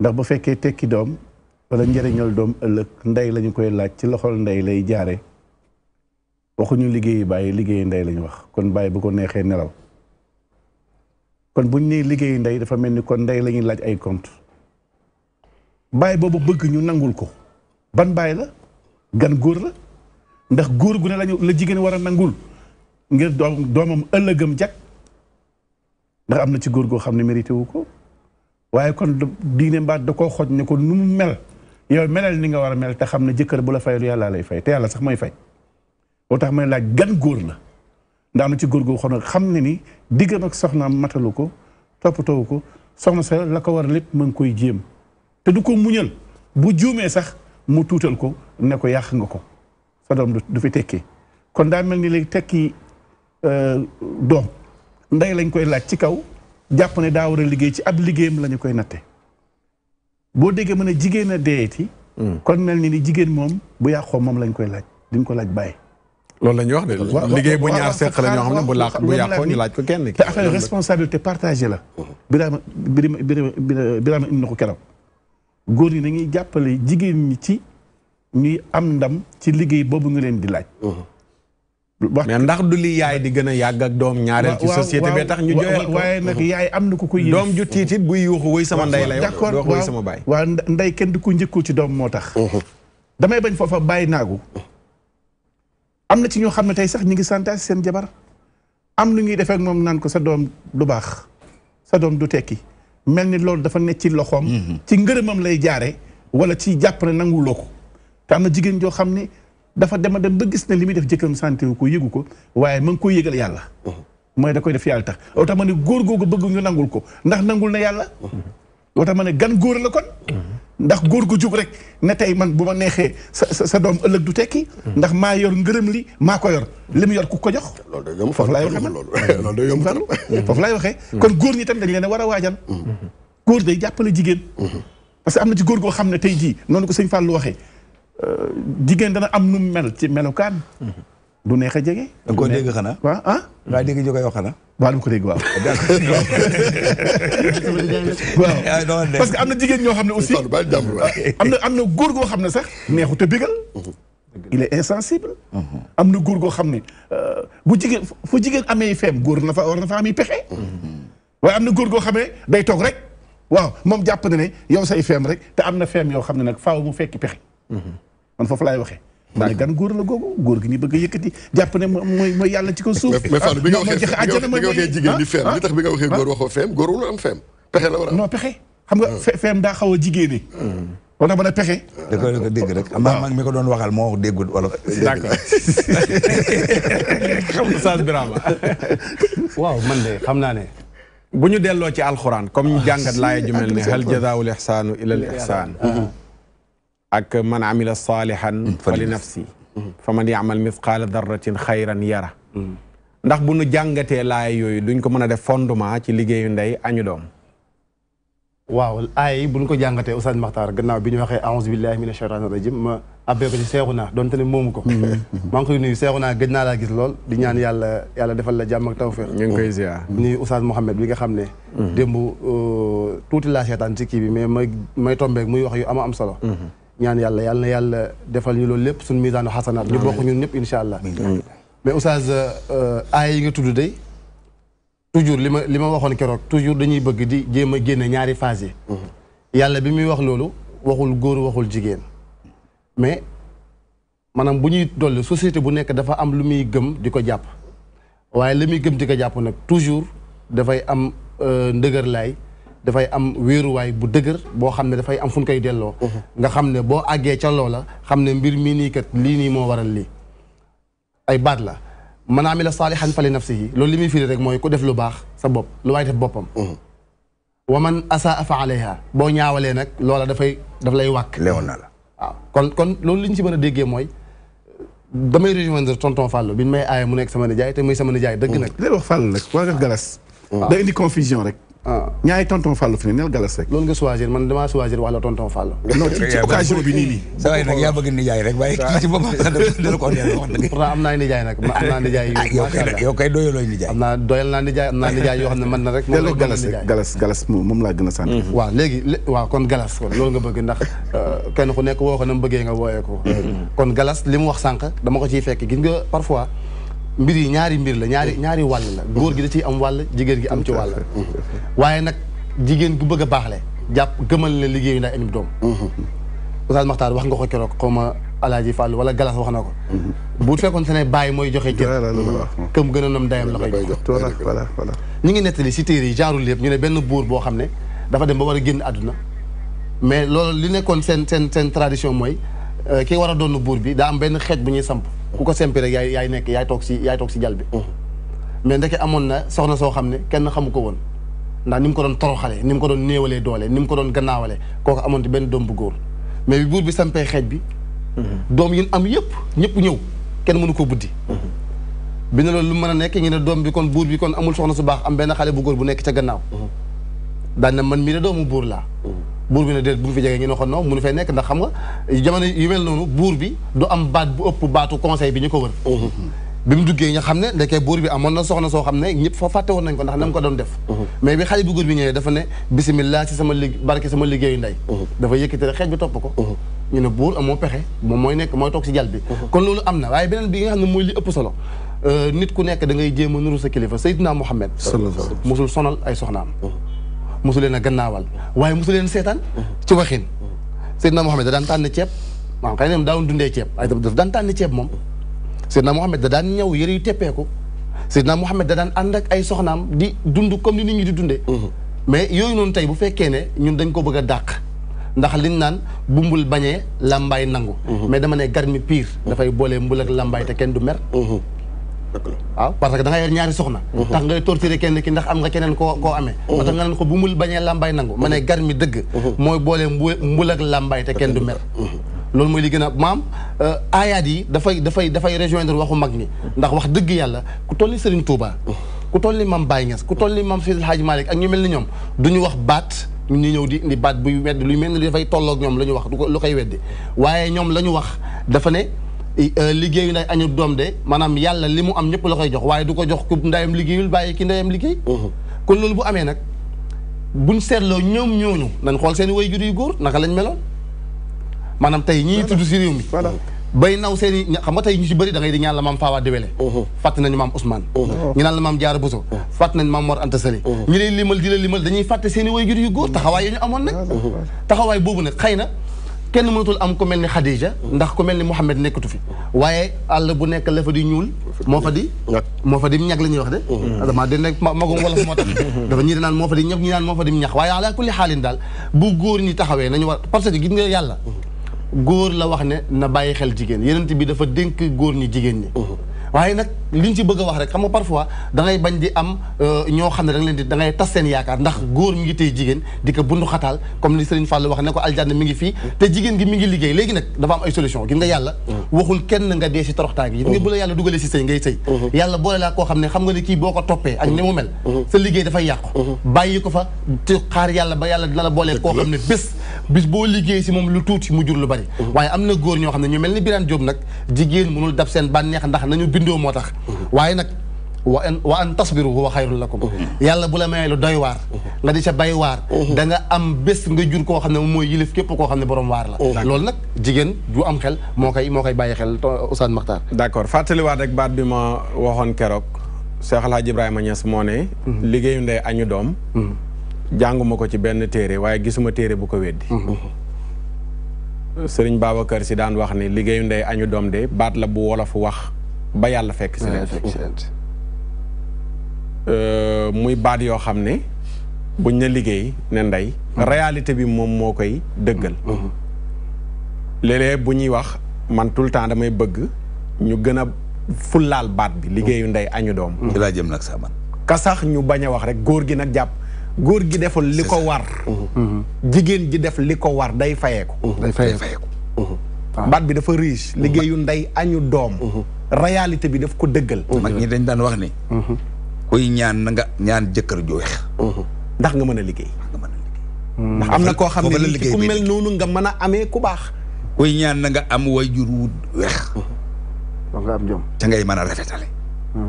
ndax bu fekkee tekki doom wala njëriñal doom ëllëg ndey lañu koy laaj ci loxol ndey lay jaare waxuñu liggéeyi bàyyi liggéey ndey lañu wax kon bàyyi bu ko neexee nelaw. kon buñ nee liggéeyu ndey dafa mel ni kon ndey la ñuy laaj ay compte baay boobu bëgg ñu nangul ko ban baay la gan góor la ndax góor gu ne lañu la jigéen war a nangul ngir doomam ëllëgam jag ndax am na ci góor goo xam ne mérité wu ko waaye kon diine mbaat da koo xoj ne ko nu mu mel yow melal ni nga war a mel te xam ne jëkkër bu la fayal yàllaa lay fay te yàlla sax mooy fay boo tax may laaj gan góor la daanu ci góor gu waxoon xam ne ni diggam ak soxnaam matalu ko toppatoo ko soxna sa la ko war lépp ma ngi koy jéem te du ko muñal bu juumee sax mu tuutal ko ne ko yàq nga ko sa doom du fi tekki kon daa mel ni léegi tekki euh, doom ndey lañ koy laaj ci kaw jàpp ne daa war a liggéey ci ab liggéeyam la ñu koy natte boo déggee mën a jigéen a deeti hmm. kon mel ni ni jigéen moom bu yàqoo moom lañ koy laaj duñ ko laaj bàyyi loolu la ñuy wax de liggéey bu ñaar seq la ñoo xam ne bu laax bu yàqoo ñu laaj ko kenn. te affaire responsabilité partagée la. Birama Birama Birama indi na ko keroog. góor ñi dañuy jàppale jigéen ñi ci ñuy am ndam ci liggéey boobu nga leen di laaj. mais ndax du li yaay di gën a yàgg ak doom ñaareel ci société bi tax ñu jooyal waaye nag yaay am na ku koy yéen doom ju tiitit buy yuuxu woy sama ndey lay d'accord woy sama baay waaw ndey kenn du ko njëkkul ci doom moo tax damay bañ foofa bàyyi naagu am na ci ñoo xam ne tey sax ñu ngi santaas seen jabar am lu ñuy def moom naan ko sa doom du baax sa doom du tekki mel ni loolu dafa nekk ci loxoom. Mm-hmm. ci ngërëmam lay jaare wala ci jàpp ne nanguwuloo ko te am na jigéen joo xam ne dafa dem a dem ba gis na li muy def jëkkam santé ko yëgu ko waaye ma ngi koy yëgal yàlla. Mm-hmm. mooy da koy def yàlla tax loo tax ma ne góor googu bëgg ñu nangul ko ndax nangul na yàlla. Mm-hmm. loo tax ma ne gan góor la kon. ndax góor gu jóg rek ne tey man bu ma neexee sa sa doom ëllëg du tekki. Hmm. ndax maa yor ngërëm li maa ko yor. li mu yor ku ko jox. loolu day yomb foofu laay waxee man loolu day yomb fàllu foofu waxee. Hmm. kon góor ñi tam dañ leen a war a waajal. Hmm. góor day jàppale jigéen. parce que am na ci góor goo xam ne tey jii noonu ko sëñ Fallou waxee euh, jigéen dana am nu mel ci melokaan. du neex a jege. da koo dégg xanaa. waaw ah. ngaa dégg jóge yoo xanaa. waaw dama ko dégg waaw. waaw parce que am na jigéen ñoo xam ne aussi. am na am na góor goo xam ne sax. neexut a bégal. il est insensible. am na góor goo xam ne bu jigéen fu jigéen amee feem góor na fa war na fa amee pexe. waaye am na góor goo xam ne day toog rek. waaw moom jàpp na ne yow say feem rek te am na feem yoo xam ne nag faaw mu fekki pexe. man foofu laay waxee. mu ne gan góor la googu góor gi ñu bëgg a yëkkati jàpp ne mooy mooy yàlla ci ko suuf mais Fallou bi nga ah, waxee jigéen di feem li bi nga waxee ah. góor waxoo feem góor wala am feem pexe la war a ah. daa xaw a jigéene wala tax ba na pexe da ko dégg rek maa ngi mi ko doon waxal moo wax déggul wala d'accord xam nga Oustaz man de xam naa ne bu ñu delloo ci alxuraan comme ñu jàngat laaya ju mel ne hal jazaawul ihsaanu ilal ihsaan ak man amila saalihan mm-hmm. fa li nafsi mm-hmm. fa man yaamal mithqaala darratin xayran yara mm-hmm. ndax bu nu jàngatee laay yooyu duñ ko mën a def fondement ci liggéeyu ndey añu doom waaw bu buñ ko jàngatee Oustaz Makhtar gannaaw bi ñu waxee a'uuzu billahi mina a rajim ma abbee ko ci seexu naa donte ne moomu ko maa ngi koy nuyu naa gëj naa laa gis lool di ñaan yàlla yàlla defal la jàmm ak tawféex ñu ngi koy ziar nuyu Oustaz Mouhamed bi nga xam ne démb euh, tuuti la seetaan ci kii bi mais may may tombeek muy wax yu ama am solo ñaan yàlla yàlla yàlla defal ñu loolu lépp suñu misaanu xasanaat ñu bokk ñun ñëpp incha allah mais oustaz euh, euh, aaya yi nga tudd day toujours li ma li ma waxoon keroog toujours dañuy bëgg di jéem a génne ñaari phase yi mhm. yàlla bi muy wax loolu waxul góor waxul jigéen mais maanaam bu ñuy dolli société bu nekk dafa am lu muy gëm di ko jàpp waaye li muy gëm di ko jàpp nag toujours dafay am euh, ndëgër laay dafay am wéeruwaay bu dëgër boo xam ne dafay am fu mu koy delloo mhm. nga xam ne boo àggee ca loola xam ne mbir mii nii kat lii nii moo waral lii ay baat la man amila saalihan fali nafsihi loolu li muy firi rek mooy ku def lu baax sa bopp lu waay def boppam mhm. wa man asaa fa alayha boo ñaawalee nag loola dafay daf lay wàkk leewoon na la waaw kon kon loolu li ñu si mën a déggee mooy damay rejoindre tonton bi ñu may aaye mu nekk sama nijaay te dëgg nag léegi wax Fallou waa def galas da indi confusion rek ah ñaari ton Fallou fi ne neel galas rek. loolu nga choisir man damaa choisir wala tonton Fallou. non ci occasion bi nii yi yaa bëgg nijaay rek waaye kii naa nijaay nag am naa nijaay yu. Ah, yow kay yow kay doyaloo nijaay. am na doyal nijaay yoo xam ne mën na rek. moom la moom laa gën a sant. waaw léegi waaw kon galas kon nga bëgg ndax euh, kenn ku nekk woo ko na mu bëggee nga wooyee ko. Mm-hmm. kon galas li wax sànq dama ko ci fekk gis nga parfois mbir yi ñaari mbir la ñaari ñaari wàll la góor gi da ciy am wàll jigéen gi am ci wàll waaye nag jigéen gu bëgg a baaxle jàpp gëmal ne liggéeyu ndaa indi doom Oustaz Makhtar wax nga ko keroog xaw ma Alaaji Fàllu wala Galas wax na ko bu fekkoon se ne bàyyi mooy joxe cër këm gën a nam dayam la koy jox ñu ngi nettali si téere yi genre lépp ñu ne benn buur boo xam ne dafa dem ba war a génn àdduna mais loolu li nekkoon seen seen seen tradition mooy euh, kii war a doon buur bi daa am benn xeej bu ñuy samp ku ko sempi rek yaay yaay nekk yaay toog si yaay toog jal bi mm-hmm. mais ndeke amoon na soxna soo xam ne kenn xamu ko woon ndax ni ko doon toroxalee ni mu ko doon néewalee doole ni mu ko doon gannaawalee kooku amoon benn doom bu góor mais bi buur bi sampee xeej bi mm-hmm. doom yi am yëpp ñëpp ñëw kenn mënu ko buddi mm-hmm. bi ne loolu lu mën a nekk ñu ne doom bi kon buur bi kon amul soxna su baax am benn xale bu góor bu nekk ca gannaaw daan na man mii de doomu buur laa buur bi ne déet bu ñu fi jege ñu ne ko non mënu fee nekk ndax xam nga jamono yu mel noonu buur bi du am baat bu ëpp baatu conseil bi ñu ko wër bi mu duggee ñu xam ne ndekee buur bi amoon na soxna soo xam ne ñëpp fa fàtte woon nañ ko ndax na mu ko doon def mais bi xale bu góor bi ñëwee dafa ne bisimilah ci sama lig barke sama liggéeyu ndey dafa yëkkati rek xeej bi topp ko ñu ne buur amoo pexe moom mooy nekk mooy toog si jal bi kon loolu am na waaye beneen bi nga xam ne mooy li ëpp solo nit ku nekk da ngay jéem a nuru sa kilifa Seydina Muhammad mosul sonal ay soxnaam mosu leen a gannaawal waaye mosu leen seetaan ci waxin Seydina Mohamed da daan tànn ceeb maanaam kay nem daawun dundee ceeb ay daf daan tànn ceeb moom Seydina Mohamed da daan ñëw yëre yu teppeeku Seydina Mohamed da daan ànd ak ay soxnaam di dundu comme ni nit ñi di dundee mais yooyu noonu tey bu fekkee ne ñun dañ ko bëgg a dàq ndax liñ naan bumbul bañee làmbaay nangu mhm. mais dama ne gar mi pire dafay boolee mbula ak te kenn du mer mhm. waaw parce que da nga ñaari soxna mhm. tax ngay torturer kenn ki ndax am nga keneen koo koo amee ba mhm. tax nga naan ko bu mul bañee làmbaay nangu ma ne mhm. gar mi dëgg mooy boolee mbu mbul ak làmbaay te kenn du mer loolu mooy li gën a maam euh, aayaat yi dafay dafay dafay rejoindre waxu mag ñi ndax wax dëgg yàlla ku toll ni Serigne Touba ku toll ni maam Baye ku toll ni maam Seydil Hadji Malick ak ñu mel ni ñoom duñu wax baat ñu ñëw di indi baat buy weddi luy mel ni dafay tolloog ñoom la ñu wax du ko lu koy weddi waaye ñoom la ñu wax dafa ne Euh, liggéeyu nday añu doom de maanaam yàlla li mu am ñëpp la koy jox waaye du ko jox ku ndayam liggéeyul bàyyi ki ndayam liggéey kon loolu bu amee nag buñ seetloo ñoom ñooñu nañ xool seen way jur yu góor naka lañ meloon maanaam tey ñii tudd si réew mi bay naw seen i xam da ngay di ñaan la maam Fawa Diwele fàtt nañu maam Ousmane ñu naan la maam Diarra Bousso fàtt nañu maam Mor Anta Sali ñi lay limal di la limal dañuy fàtte seen way jur yu góor taxawaay yi ñu amoon nag taxawaay boobu nag xëy na كن منطول أم كمل خديجة ندخ كمل محمد نكتو في واي الله بنا كل فدي نول موفدي موفدي من يقلني واحدة هذا ما دين ما ما قوم ولا سمعت ده بني دنا موفدي نيك نيان موفدي من يخ واي على كل حال إن دال بقول نتاخوي نجوا بس دي جدنا يلا قول لواحنا نباي خل جيجين يرنتي بيدا فدين كقول نجيجيني واي نك liñ ci bëgg a wax rek xam nga parfois da ngay bañ di am euh, ñoo xam ne da leen di da ngay tas seen yaakaar ndax góor mi ngi tey jigéen di ko bundu xataal comme li Serigne Fall wax ne ko aljanna mi ngi fii te jigéen gi mi ngi liggéey léegi nag dafa am ay solution gis nga yàlla waxul kenn nga dee si toroxtaay gi gis nga bu la yàlla dugalee si sëy ngay sëy yàlla boole laa koo xam ne xam nga ne kii boo ko toppee ak ni mel sa liggéey dafay yàqu bàyyi ko fa xaar yàlla ba yàlla dina la koo xam ne bés boo liggéey si moom lu tuuti mu jur lu bari waaye am na góor ñoo xam ne ñu mel ni Birane Diop nag jigéen mënul dab seen bànneex ndax nañu bindoo moo tax Mhm. waaye nag wa an wa an tasbiru huwa xayrun lakum mhm. yàlla bu la mayee lu doy waar nga mhm. di ca bay waar da am bés nga jur koo xam ne mooy yilif képp koo xam ne boroom waar la loolu nag jigéen ju am xel moo koy moo koy bàyyi xel Ousmane Makhtar d'accord waat rek baat bi ma waxoon keroog Cheikh El Hadj Ibrahima Niass moo ne liggéeyu ndey añu doom jànguma ko ci benn téere waaye gisuma téere bu ko weddi sëriñ kër si daan wax ne liggéeyu ndey añu doom de baat la bu wolof wax ba yàlla fekk si leen euh, muy baat yoo xam ne buñ ne liggéey ne ndey mm-hmm. réalité bi moom moo koy dëggal mm-hmm. léeg bu ñuy wax man tout le temps damay bëgg ñu gën a fullaal baat bi liggéeyu ndey añu doom ci mm-hmm. laa jëm nag man ka ñu bañ a wax rek góor gi nag jàpp góor gi deful li ko war jigéen ji def li ko war day fayeeku day fayeeku baat bi dafa riche liggéeyu ndey añu doom réalité bi daf ko dëggal. mag ñi dañ daan wax ni. Mhm. koy ñaan na nga ñaan jëkkër ju weex. Mhm. ndax nga mën a liggéey. ndax mhm. am na koo xam ne ni ku mel noonu nga mën a amee ku baax. kuy ñaan na nga am wayjur wu weex. donc nga am jom ca ngay mën a rafetale.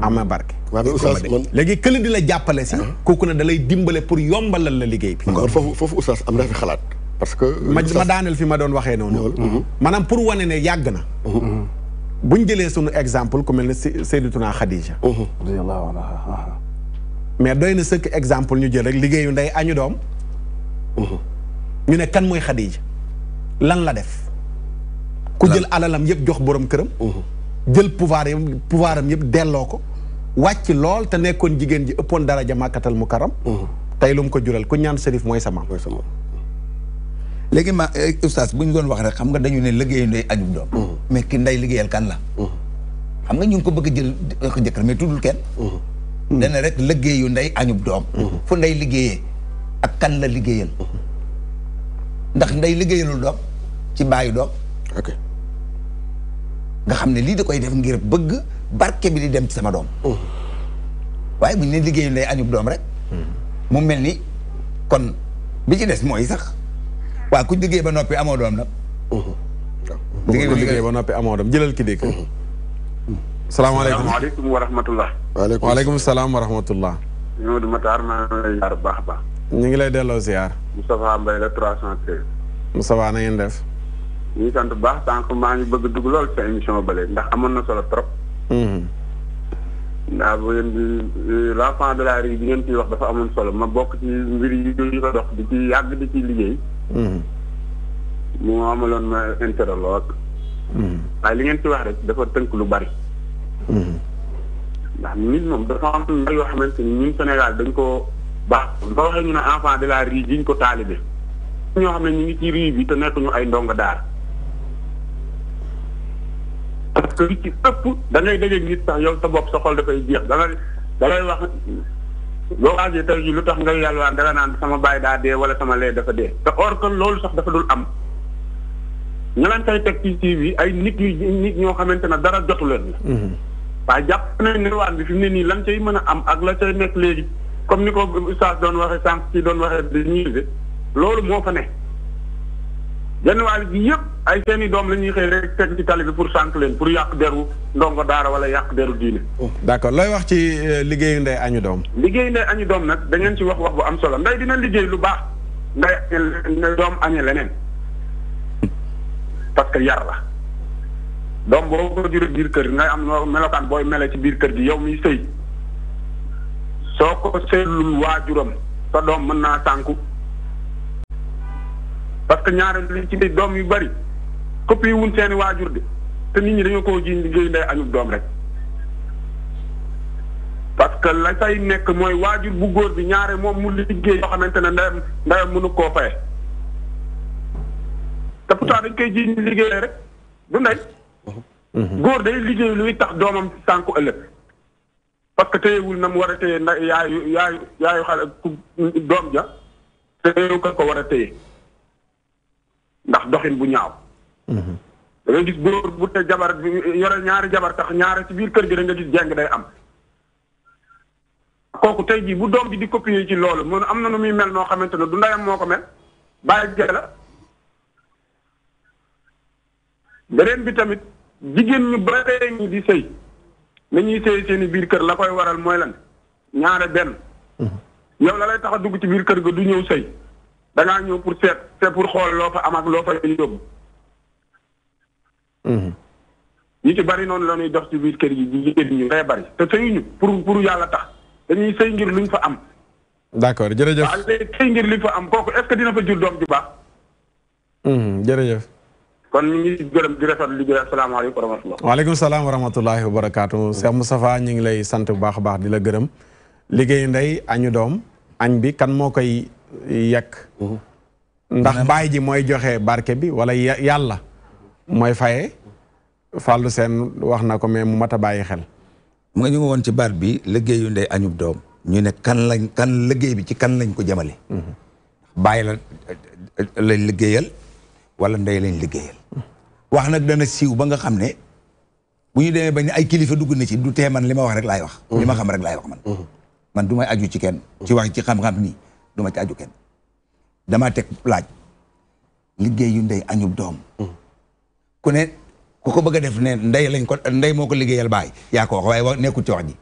am na barke. waaw léegi kële di la jàppale sax ku ne da lay dimbale pour yombalal la liggéey bi. kon foofu foofu oustaz am na fi xalaat. parce ma daaneel fi ma doon waxee noonu. maanaam pour wane ne yàgg na. bu ñu jëlee sunu exemple ku mel ne Seydatuna Khadija. Mhm. radiyallahu mais doy na sëkk exemple ñu jël rek liggéeyu ndey añu doom. Mhm. ñu ne kan mooy Khadija lan la def. ku jël alalam yëpp jox borom këram. Mhm. jël pouvoir yam pouvoir yëpp delloo ko. wàcc lool te nekkoon jigéen ji ëppoon dara màkkatal mu karam. tey lu ko jural ku ñaan sërif mooy sama. mooy sama léegi ma eh, oustaz bu ñu doon wax rek xam nga dañu ne liggéeyu ndey añu doom. mais ki nday liggéeyal kan la xam nga ñu ngi ko bëgg a jël ko jëkkër mais tuddul kenn dana rek liggéeyu nday añub doom fu nday liggéeyee ak kan la liggéeyal ndax nday liggéeyalul doom ci bàyyi doom nga xam ne lii da koy def ngir bëgg barke bi di dem ci sama doom waaye bu ñu ne liggéeyu nday añub doom rek mu mel ni kon bi ci des mooy sax waa ku liggéey ba noppi amoo doom nag liggéey ba liggéey ba noppi amoo dem jëlal ki dégg. salaamaaleykum salaamaaleykum wa rahmatulah. waaleykum waaleykum salaam wa rahmatulah. Mamadou Matar maa ngi lay ziar bu baax a baax. ñu ngi lay delloo ziar. Moustapha mbay la 313. Moustapha na ngeen def. ñu ngi sant bu baax sànq maa ngi bëgg dugg lool sa émission bale ndax amoon na solo trop. Mhm. ndax bu ngeen di euh, l'enfant de la rue bi ngeen ciy wax dafa amoon solo ma bokk ci mbir yi ko dox di ci yàgg di ci liggéey. Mhm. mu amaloon ma interloc. Hmm. waaye li ngeen ci wax rek dafa tënk lu bari. Hmm. ndax nit moom dafa am mbir yoo xamante ni ñun Sénégal dañ ko baax nga waxee ñu ne de la rue jiñ ko taalibe ñoo xam ne ñu ngi ci rue bi te nekkuñu ay ndongo daara. parce que li ci ëpp da sax yow sa bopp sa xol dafay jeex da ngay wax boo xaasee tey jii lu tax ngay yàlwaan da nga naan sama baay daa dee wala sama lee dafa dee te or que loolu sax dafa dul am. ñu leen teg ci TV ay nit ñu nit ñoo xamante ne dara jotu leen la. Mhm. waaye jàpp nañ ne bi fi mu ne nii lan cay mën a am ak la cay nekk léegi comme ni ko Oustaz doon waxee sànq ci doon waxee di ñuy loolu moo fa ne. genn wàll gi yëpp ay seen doom la ñuy xëy rek teg ci tali bi pour sànq leen pour yàq deru ndongo daara wala yàq deru diine. Oh, d'accord looy wax ci euh, liggéeyu ndey añu doom. liggéeyu ndey añu doom nag da ngeen ci wax wax bu am solo ndey dina liggéey lu baax ndey doom añu leneen. parce que yar la doom boo ko juree biir kër ngay am noo melokaan booy mele ci biir kër gi yow miy sëy soo ko seetlul waajuram sa doom mën naa tànku parce que ñaareel li ci doom yu bari copie wuñ seeni waajur de te nit ñi dañoo ko ji liggéey ndey añub doom rek parce que la say nekk mooy waajur bu góor bi ñaare moom mu liggéey yoo xamante ne ndeyam ndeyam mënu koo faye te pourtant dañ koy jii liggéeyee rek du ndey. Mhm. góor day liggéey luy tax doomam sànku ëllëg. parce que téyewul na mu war a téye nda yaayu yaayu yaayu xale doom ja téyewu ko ko war a téye ndax doxin bu ñaaw. Mhm. da ngay gis góor bu te jabar yore ñaari jabar tax ñaari ci biir kër gi da nga gis jeng day am. kooku tey jii bu doom bi di copier ci loolu moom am na nu muy mel noo xamante ne du ndeyam moo ko mel bàyyi jëla beneen bi tamit jigéen ñu baree ñi di sëy nañuy sëy seen i biir kër la koy waral mooy lan ñaare benn mm-hmm. yow la lay tax a dugg ci biir kër gi du ñëw sëy da ñëw pour seet c'est pour xool loo fa am ak loo mm-hmm. ñu ci bari noonu la ñuy dox ci biir kër yi jigéen ñu day pour pour yàlla tax dañuy sëy ngir luñ fa am d'accord jërëjëf waaw ngir luñ fa am kooku est dina fa jur doom ju baax mm-hmm, jërëjëf kon ñu ngi gërëm di rafetlu liggéey asalaamaaleykum wa rahmatulah. waaleykum salaam wa rahmatulahi wa barakaatu. mu Moustapha ñu ngi lay sant bu baax a baax di la gërëm. liggéeyu ndey añu doom añ bi kan moo koy yekk. Mhm. ndax baay ji mooy joxe barke bi wala yàlla. mooy faye fàllu seen wax na ko mais mu mat a bàyyi xel. mu nga ñu ci baat bi liggéeyu ndey añub doom. ñu ne kan lañ kan liggéey bi ci kan lañ ko jëmale. Mhm. bàyyi la liggéeyal. wala ndey lañ liggéeyal wax nag dana siiw ba nga xam ne bu ñu demee ba ne ay kilifa dugg na ci du tee man li ma wax rek laay wax li ma xam rek laay wax man man du may aju ci kenn ci wax ci xam-xam nii du ma ci aju kenn dama teg laaj liggéey yu ndey añub doom ku ne ku ko bëgg a def ne ndey lañ ko ndey moo ko liggéeyal baay yaa ko nekku ci wax ji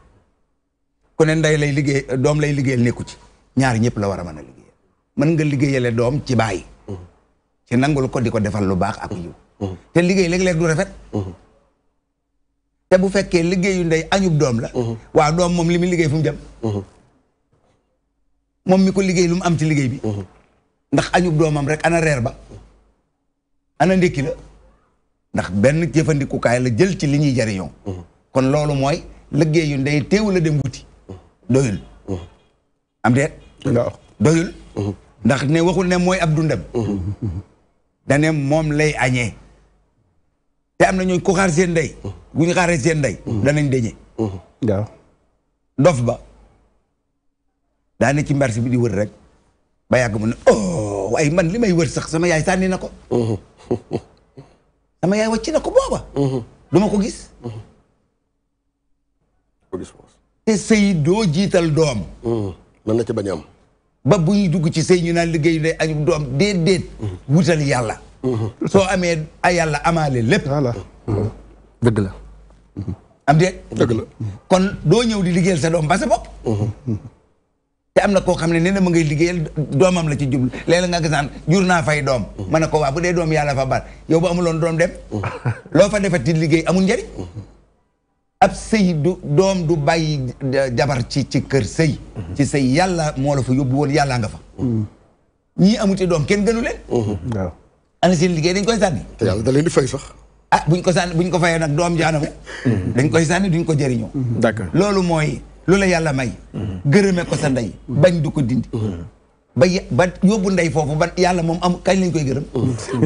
ku ne ndey lay liggéey doom lay liggéeyal nekku ci ñaar ñëpp la war a mën a liggéeyal mën nga liggéeyale doom ci baay ci nangul ko di ko defal lu baax ak yiw mm-hmm. te liggéey léeg-léeg du rafet mm-hmm. te bu fekkee liggéeyu ndey añub doom la mm-hmm. waa doom moom li mu liggéey fu mu jëm moom mi ko liggéey lu mu am ci liggéey bi ndax añub doomam rek ana reer ba ana ndékki la ndax benn jëfandikukaay la jël ci li ñuy jariñoo kon loolu mooy liggéeyu ndey teewu la dem wuti doyul am deet doyul ndax ne waxul ne mooy ab dundam dane moom lay añee te am na ñooñ ku xaar seen ndey bu ñu xaaree seen ndey danañ deñe waaw dof ba daane ci mbarsi bi di wër rek ba yàgg mu ne oh waaye man li may wër sax sama yaay sànni na ko sama yaay wàcc na ko booba du ma ko gis te doo jiital doom mën na ci bañ am ba bu ñuy dugg ci sëy ñu naa liggéey ndey añu doom déedéet wutal yàlla soo amee a yàlla amaale lépp dëgg la am de dëgg la kon doo ñëw di liggéeyal sa doom ba sa bopp te am na koo xam ne nee na ma ngay liggéeyal doomam la ci jublu léeg-léeg nga gis naan jur naa fay doom ma ne ko waa bu dee doom yàlla fa bar yow ba amuloon doom dem loo fa defati liggéey amul njëriñ ab sëy du doom du bàyyi euh, jabar ci ci kër sëy mhm. ci sey yàlla moo la fa yóbbu woon yàllaa nga fa mhm. ñii amuti doom kenn gënu leen mhm. waaw ana seen liggéey dañ koy sànni yàlla da leen di fay sax ah buñ ko sànni buñ ko fayee nag doom jaanamu dañ koy sànni duñ ko jëriñoo d'accord loolu mooy lu la yàlla may gërëme ko sa ndey bañ du ko dindi ba ba yóbbu ndey foofu ba yàlla moom am kañ lañ koy gërëm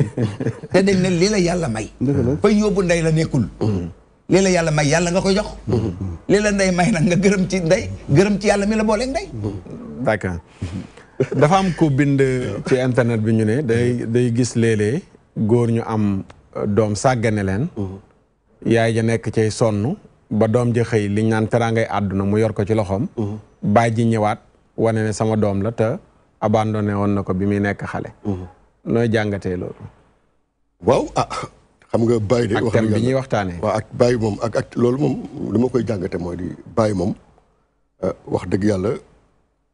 te dañ ne li la yàlla may fa yóbbu nday la nekul lii la yàlla may yàlla nga koy jox. lii la ndey may nag nga gërëm ci ndey gërëm ci yàlla mi la booleeg ndey. dafa am ko bind ci internet bi ñu ne day day gis léeg góor ñu am euh, doom sàggane leen. yaay ja nekk cay sonn ba doom ja xëy liñ naan teraangay àdduna mu yor ko ci loxoom. baay ji ñëwaat wane ne sama doom la te ne woon na ko bi muy nekk xale. Mhm. nooy jàngatee loolu. Ah, xam nga Baye de. wax thème bi ñuy waxtaanee. waaw ak bàyyi moom ak ak loolu moom lu ma koy jàngate mooy di bàyyi moom euh, wax dëgg yàlla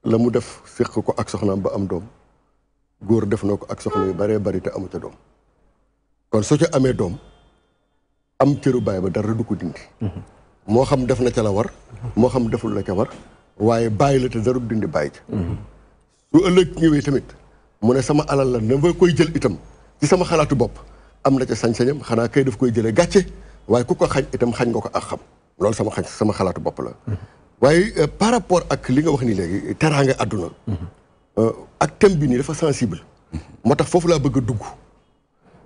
la mu def séq ko ak soxnaam ba am doom góor def na ko ak soxna yu baree bari te amu ca doom kon soo ca amee doom am cëru Baye ba dara du mm-hmm. xam def na ca la war. Mm-hmm. moo xam deful la ca war. waaye bàyyi la te dara du dindi Baye ca. Mm-hmm. su ëllëg ñëwee tamit mu ne sama alal la na ma koy jël itam ci sama xalaatu bopp. am na ca sañ-sañam xanaa kay daf koy jëlee gàcce waaye ku ko xañ itam xañ nga ko ak xam loolu sama xañ sama xalaatu bopp la waaye euh, par rapport ak li nga wax ni léegi teraanga àdduna euh, ak thème bi nii dafa sensible moo tax foofu laa bëgg a dugg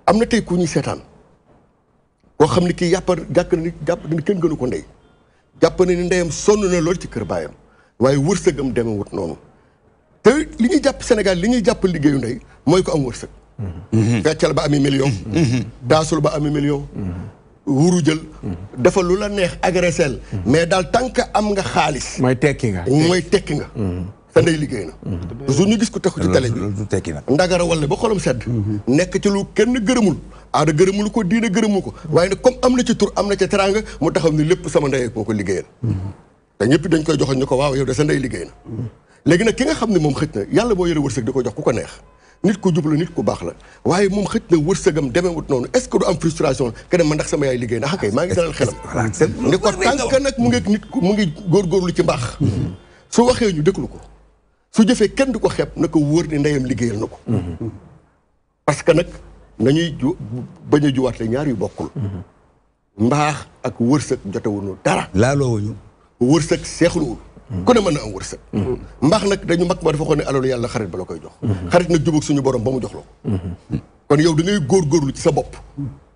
am na tey ku ñuy seetaan koo xam ne kii yàppar jàkk jàpp na ni jàpp na ni ndeyam sonn lool ci kër baayam waaye wërsëgam demewut noonu te li ñuy jàpp Sénégal li ñuy jàpp liggéeyu ndey mooy ko am wërsëg Mm-hmm. feccal ba ami million mm-hmm. daasul ba ami million mm-hmm. wuru jël dafa lu la neex agre agressel mais daal tant que am nga xaalis mooy tekki nga mooy tekki nga sa ndey liggéey na toujours ñu gis ko tekku ci télé bi tekki na ndagara walla ba xolam sedd nekk ci lu kenn gërëmul aada gërëmul ko diine gërëmu ko waaye nag comme am na ci tur am na ci teraanga mu taxaw ni lépp sama ndey moo ko liggéeyal te ñëpp dañ koy jox ñu ko waaw yow de sa ndey liggéey na léegi nag ki nga xam ne moom xëj na yàlla boo yore wërsëg di ko jox ku ko neex nit ku jub la nit ku baax la waaye moom xëj na wërsëgam demewut noonu est-ce que du am frustration que ne man ndax sama yaay liggéey na ah, kay maa ngi dalal xelam ne ko tànk nag mu ngi nit mu ci mbaax su waxee ñu déglu ko su jëfee kenn du ko xepp na ko wóor ni ndeyam liggéeyal na ko parce que nag nañuy bañ a juwaatle ñaar yu bokkul mbaax ak wërsëg jotewuñu dara laaloo wuñu wërsëg seexluwul ku ne mën na am wërsëg mbaax nag dañu mag ba dafa xoon ne alalu yàlla xarit ba la koy jox xarit na jubóog suñu borom ba mu jox la ko kon yow da góor góorgóorlu ci sa bopp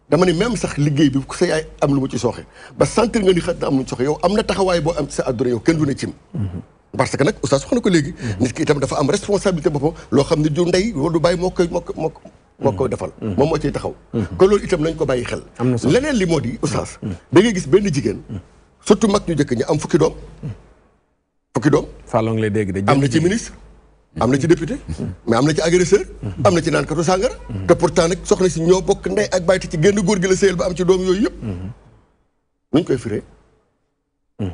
dama ne même sax liggéey bi ku sa yaay am lu mu ci sooxe ba sentir nga ni xat na am lu mu sooxe am na taxawaay boo am ci sa àdduna kenn du ne cim parce que nag oustaz wax ko léegi nit ki itam dafa am responsabilité boppam loo xam ne du ndey du bàyyi moo koy moo ko moo moo koy defal moom moo ciy taxaw kon loolu itam nañ ko bàyyi xel leneen li moo di oustaz da ngay gis benn jigéen surtout mag ñu njëkk ñi am fukki doom fukki doom. Fallou ngi lay dégg de am na ci ministre. am na ci député. mais am na ci agresseur. am na ci naan katu sàngara. te pourtant nag soxna si ñoo bokk ndey ak bàyyi te ci génn góor gi la sëyal ba am ci doom yooyu yëpp. nuñ koy fire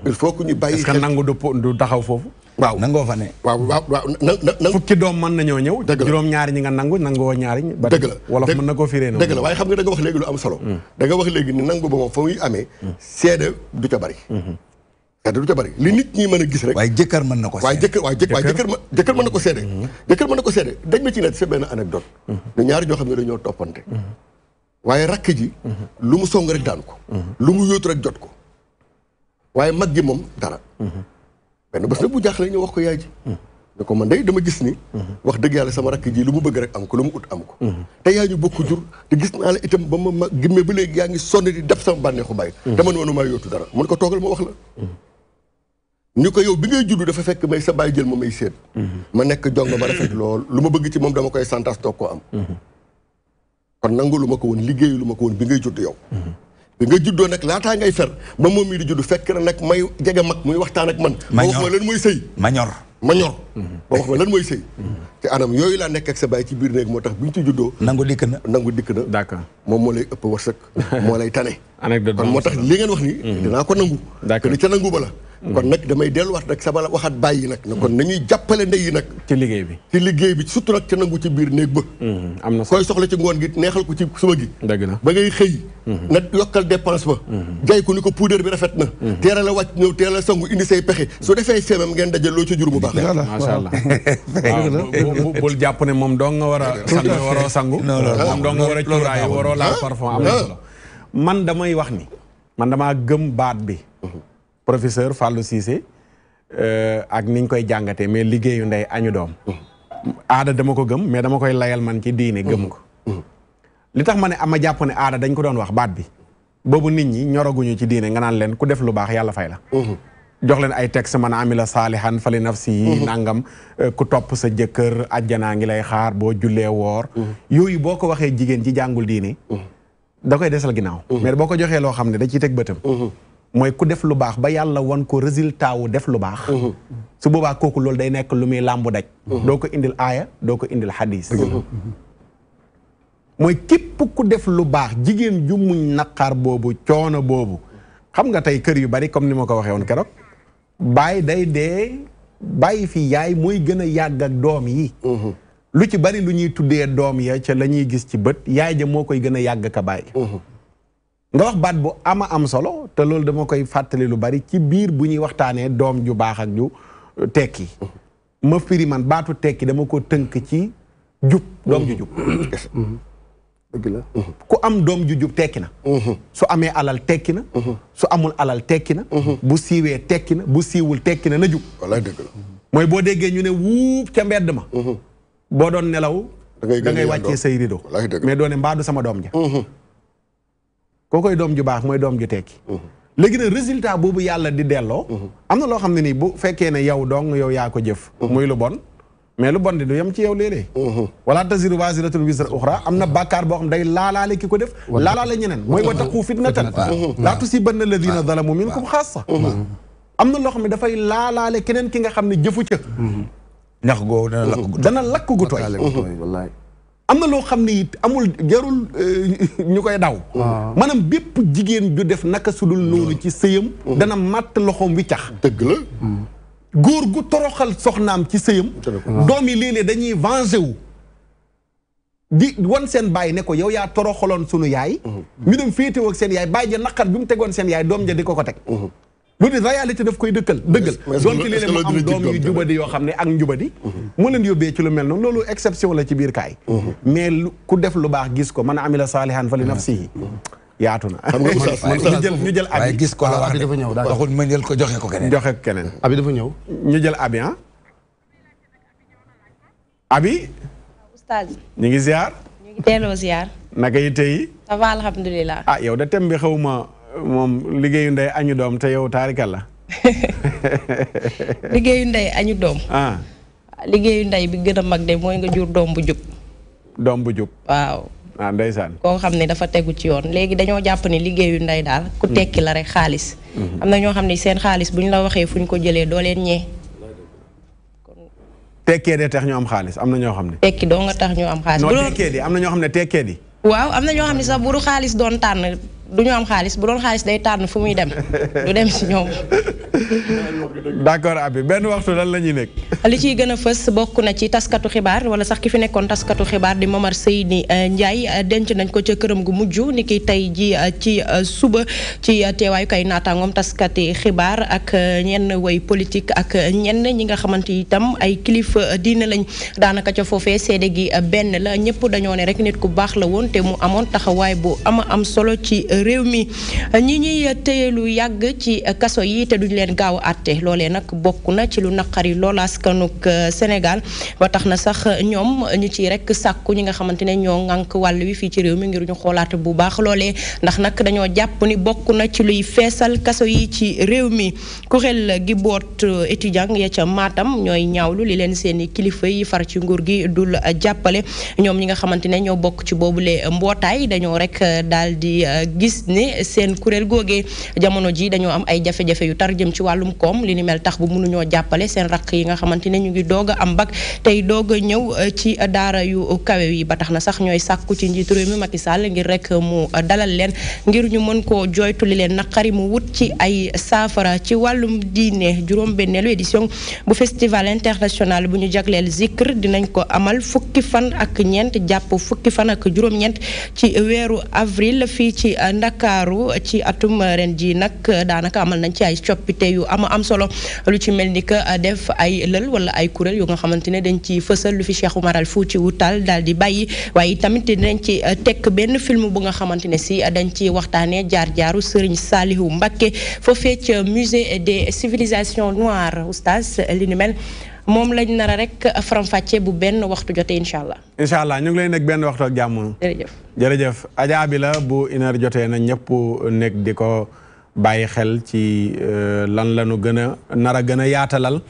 il faut que ñu bàyyi. est-ce que nangu du taxaw foofu. waaw nangoo fa ne. waaw waaw waaw na fukki doom mën nañoo ñëw. dëgg la juróom ñaari ñi nga nangu nangoo ñaari. dëgg la wolof mën na koo firee noonu. dëgg la waaye xam nga da nga wax léegi lu am solo. Mm. da nga wax léegi ni nangu ba moom fa muy amee. Mm. seede du ca bari. Mm-hmm. Eh, du ca bëri li nit ñi mën a gis rek. waaye jëkkër mën na ko seede waaye jëkkër waaye jëkkër jëkkër mën na ko seede. Mm-hmm. jëkkër na ko seede dañ ma ci nekk c'est benn anecdote. ñu mm-hmm. ñaari ñoo xam ne dañoo toppante. Mm-hmm. waaye rakk ji. lu mu song rek daan ko. lu mu yóotu rek jot ko. waaye mag gi moom dara. benn bés nag bu jaaxle ñu wax ko yaay ji. ne ko man day dama gis ni. wax dëgg yàlla sama rakk ji lu mu bëgg rek am ko lu mu ut am ko. te yaa ñu bokk jur te gis naa la itam ba ma ma gimmee ba léegi yaa ngi sonn di def sama bànneexu bàyyi. dama noonu maa yóotu dara mun ko toogal ma wax la. ñu ko yow bi ngay judd dafa fekk may sa baay jël ma may seet. Mhm. ma nekk jongo ba rafet lool lu ma bëgg ci moom dama koy santa toog ko am. Mhm. kon nangu lu ma ko woon liggéeyu lu ma ko woon bi ngay judd yow. Mhm. bi nga juddoo nag laataa ngay fer ba moom mii di juddu fekk na nag may jege mag muy waxtaan ak man. ma wax ma lan mooy sëy. ma ma ñor. ba wax lan mooy sëy. te anam yooyu laa nekk ak sa baay ci biir néeg moo tax bi ñu ci juddoo. nangu dikk na nangu dikk na. d'accord moom moo lay ëpp wërsëg. moo lay tane. anecdote kon moo tax li ngeen wax ni. dinaa ko nangu. d'accord te ca nangu ba la. kon nag damay delluwaat nag sama waxaat bàyyi nag. kon ñuy jàppale ndey yi nag. ci liggéey bi ci liggéey bi surtout nag ci nangu ci biir néeg ba. Mm-hmm. am na koy soxla ci ngoon gi neexal ko ci suba gi. dëgg na ba ngay xëy. Mm-hmm. na yokkal dépense ba. Mm-hmm. jay ku ni ko puudar bi rafet na. teel a la wàcc ñëw teel a sangu indi say pexe su defee semam ngeen dajal loo ci jur mu baax. macha allah waaw bul jàpp ne moom dong nga war a. sang sangu. moom dong nga war a cuuraay waroo laal ah? parfum am ah? na man damay wax ni man damaa gëm baat bi professeur Fallou Cissé euh, ak niñ koy jàngatee mais liggéeyu ndey añu doom aada dama ko gëm mais dama koy layal man ci diine gëm ko li tax ma ne ama jàpp ne aada dañ ko doon wax baat bi boobu nit ñi ñoraguñu ci diine nga naan leen ku def lu baax yàlla fay la jox leen ay texte man amila saalihan fali nafsi yi nangam euh, ku topp sa jëkkër ajjanaa ngi lay xaar boo jullee woor yooyu boo ko waxee jigéen ci jàngul diine da koy desal ginnaaw mm-hmm. mais boo ko joxee loo xam ne da ciy teg bëtam mooy ku def lu baax ba yàlla wan ko résultat wu def lu baax mhm. su boobaa kooku loolu day nekk lu muy làmbu daj mhm. doo ko indil aaya doo ko indil xadis mhm. mooy képp ku def lu baax jigéen ju muñ naqar boobu coono boobu xam nga tey kër yu bari comme ni ma ko waxee woon keroog bàyyi day dee bàyyi fi yaay mooy gën a yàgg doom yi lu ci bari lu ñuy tuddee doom ya ca la ñuy gis ci bët yaay ja moo koy gën a yàgg nga wax baat bu ama am solo te loolu dama koy fàttali lu bari ci biir bu ñuy waxtaanee doom ju baax ak ju euh, tekki ma firi man baatu tekki dama ko tënk ci jub doom ju jub dëgg la ku am doom ju jub tekki na su amee alal tekki na su amul alal tekki na bu siiwee tekki na bu siiwul tekki na na jub wala mooy boo déggee ñu ne wuub ca mbedd ma mhm. boo doon nelaw da ngay wàccee say rido mais doone mbaadu sama doom ja kookoy doom ju baax mooy doom ju tekki léegi nag résultat boobu yàlla di delloo am na loo xam ne nii bu fekkee ne yow dong yow yaa ko jëf muy lu bon mais lu bon di du yem ci yow léeg-léeg wala taziru waziratun wisra uxra am na bàkkaar boo xam day laalaale ki ko def laalaale ñeneen mooy wa taqu fitnatan laa tusibanna alladina zalamu minkum xaassa am na loo xam dafay laalaale keneen ki nga xam ne jëfu ca ñax mm-hmm. googu dana lakk gu tooy am na loo xam ne it amul jarul euh, ñu koy daw ah. maanaam bépp jigéen ju def naka sudul noonu ah. ci sëyam ah. dana màtt loxoom wi cax dëgg la góor gu toroxal soxnaam ci sëyam doom yi léeg-léeg dañuy vengé wu di wan seen baay ne ko yow yaa toroxaloon sunu yaay mm-hmm. ñu dem féetewoo ak seen yaay baay ja naqar bi mu tegoon seen yaay doom ja di ko ko teg mm-hmm. lu di réalité daf koy dëkkal dëggal donte léeg-léeg am doom yu jubadi yoo xam ne ak njubadi mu mhm. leen yóbbee ci lu mel noonu loolu exception la ci biir kaay mhm. mais ku def lu baax gis ko man a amila saalihan fa li nafsihi mhm. yaatu na xam nga jël ñu jël abi gis ko la wax dafa ñëw waxul ma jël ko joxe ko keneen joxe keneen abi dafa ñëw ñu jël abi ah abi oustaz ngi ziar ñu ngi teeloo ziar naka yi tey ah yow da tem bi ma moom liggéeyu ndey añu doom te yow taarika la liggéeyu ndey añu doom ah liggéeyu ndey bi gën a mag de mooy nga jur doom bu jub doom bu jub waaw ah ndeysaan koo xam ne dafa tegu ci yoon léegi dañoo jàpp ne liggéeyu ndey daal ku tekki la rek xaalis mhm. am na ñoo xam ne seen xaalis bu ñu la waxee fu ñu ko jëlee doo leen ñee tekkee de xaalis am na ñoo xam ne tekki doo nga tax ñu am xaalis non tekkee di am na ñoo xam ne tekkee di waaw am na ñoo xam ne sax buru xaalis doon tànn du ñu am xaalis bu doon xaalis day tànn fu muy dem du dem si ñoom. d'accord abi benn waxtu lan la ñuy li ciy gën a fës bokk na ci taskatu xibaar wala sax ki fi nekkoon taskatu xibaar di Momar Seyni eh, Ndiaye eh, denc nañ ko ca këram gu mujj ni ki tey ji eh, ci suba ci teewaayu kay naataangoom taskati xibaar ak ñenn way politique ak ñenn ñi nga xamante itam ay kilifa diine lañ daanaka ca foofe seede gi benn la ñëpp dañoo ne rek nit ku baax la woon te mu amoon taxawaay bu ama am solo ci. réew mi ñi ñuy téye lu yàgg ci kaso yi te duñ leen gaaw àtte loolee nag bokk na ci lu naqari lool askanuk euh, Sénégal ba tax na sax ñoom ñu ci rek sàkku ñi nga xamante ne ñoo ŋànk wàll wi fii ci réew mi ngir ñu xoolaat bu baax loolee ndax nag dañoo jàpp ni bokk na ci luy feesal kaso yi ci réew mi kuréel gi boot euh, étudiant ya ca maatam ñooy ñaawlu li leen seeni kilifa yi far ci nguur gi dul jàppale ñoom ñi nga xamante ne ñoo bokk ci boobu boobule mbootaay dañoo rek euh, daal di gis ne seen kuréel googee jamono ji dañoo am ay jafe-jafe yu tar jëm ci wàllum koom li ni mel tax bu mënuñoo jàppale seen rakk yi nga xamante ne ñu ngi doog a am bag tey doog a ñëw euh, ci daara yu kawe yi ba tax na sax ñooy sàkku ci njiitu réew mi Macky Sall ngir rek mu dalal leen ngir ñu mën koo jooytu li leen naqari mu wut ci ay saafara ci wàllum diine juróom-benneelu édition bu festival international bu ñu jagleel zikr dinañ ko amal fukki fan ak ñeent jàpp fukki ndakaaru ci atum ren ji nag daanaka amal nañ ci ay coppite yu am am solo lu ci mel ni que def ay lël wala ay kuréel yu nga xamante ne dañ ci fësal lu fi Cheikh Oumar Al Fouti wu Tall daal di bàyyi waaye tamit dinañ ci tekk benn film bu nga xamante ne si dañ ci waxtaanee jaar-jaaru Serigne Saliou Mbacké foofee ca musée des civilisations noires oustaz li ni mel moom lañ nara rek faram-fàccee bu benn waxtu jotee incha allah. incha allah ñu ngi lay nekk benn waxtu ak jàmm. jërëjëf jërëjëf bi la bu une jotee na ñëpp nekk di ko bàyyi xel ci euh, lan lanu ñu gën a nar a gën a yaatalal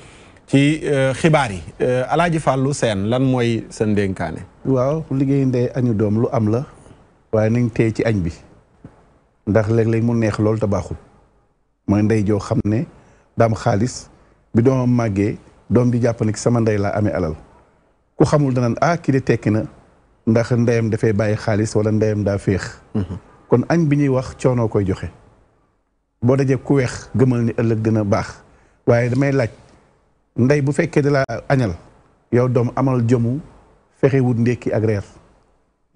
ci euh, xibaar yi euh, Alaaji Fàllu Seen lan mooy sa ndénkaane. waaw liggéey ndey añu doom lu am la. waaye nañ tey ci añ bi. ndax léeg-léeg mu neex loolu tabaaxul baaxul. mooy ndey joo xam ne daam xaalis bi doomam màggee. doom di jàpp sama ndey laa amee alal ku xamul danaan ah kii de tekki na ndax ndeyam dafay bàyyi xaalis wala ndeyam daa féex. Mhm. kon añ bi ñuy wax coonoo koy joxe. boo dajee ku weex gëmal ni ëllëg dina baax waaye damay laaj ndey bu fekkee da laa añal yow doom amal jëmu fexe wut ndékki ak reer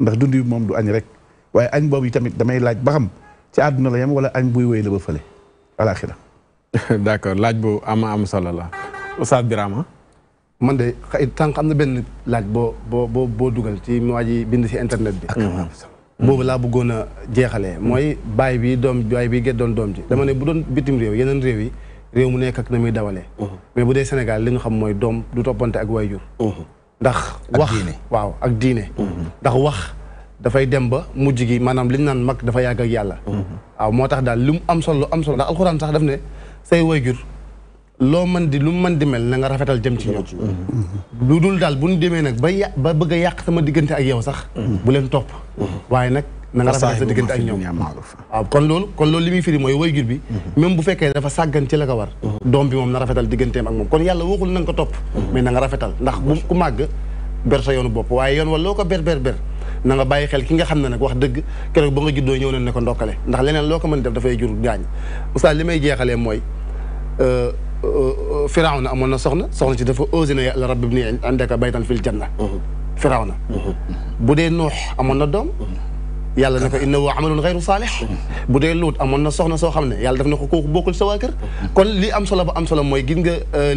ndax dund bi moom du añ rek waaye añ boobu yi tamit damay laaj ba xam ci àdduna la yam wala añ buy wéy la ba fële alaxira d'accord laaj bu ama am solo la. Oustaz Birama man de xëy tànk am na benn laaj boo boo boo boo dugal ci waa ji bind si internet bi. boobu laa bëggoon a jeexalee. Hmm. mooy baay bi doom baay bi geddoon doom ji. dama ne bu doon bitim réew yeneen réew yi réew mu nekk ak na muy dawale hmm. mais bu dee Sénégal li ñu xam mooy doom du toppante ak waajur. Hmm. ndax wax waaw ak diine. ndax wax dafay dem ba mujj gi maanaam li ñu naan mag dafa yàgg yàlla. waaw moo tax daal li am solo am solo ndax alxuraan sax daf ne say waajur loo man di lu mu mën di mel na nga rafetal jëm ci ñoom. lu dul daal bu ñu demee nag ba yà ba bëgg yàq sama diggante ak yow sax. bu leen topp. waaye nag na nga rafetal sa diggante ak ñoom. waaw kon loolu kon loolu li muy firi mooy waajur bi. même bu fekkee dafa sàggan ci la ko war. doom bi moom na rafetal digganteem ak moom kon yàlla waxul na nga topp. mais na nga rafetal ndax ku màgg ber sa yoonu bopp waaye yoon wa loo ko ber ber ber. nga bàyyi xel ki nga xam ne nag wax dëgg keroog ba nga juddoo ñëw na ne ko ndokkale ndax leneen loo ko mën def dafay jur gaañ oustaz li may jeexalee mooy euh, فرعون امونا سخنا سخنا تي في اوزينا يا رب ابني عندك بيتا في الجنه فرعون بودي نوح امونا دوم yàlla ne ko innahu amalun ghayru saalih bu dee luut amoon na soxna soo xam ne yàlla daf ne ko kooku bokkul sa waa kër kon li am solo ba am solo mooy gis nga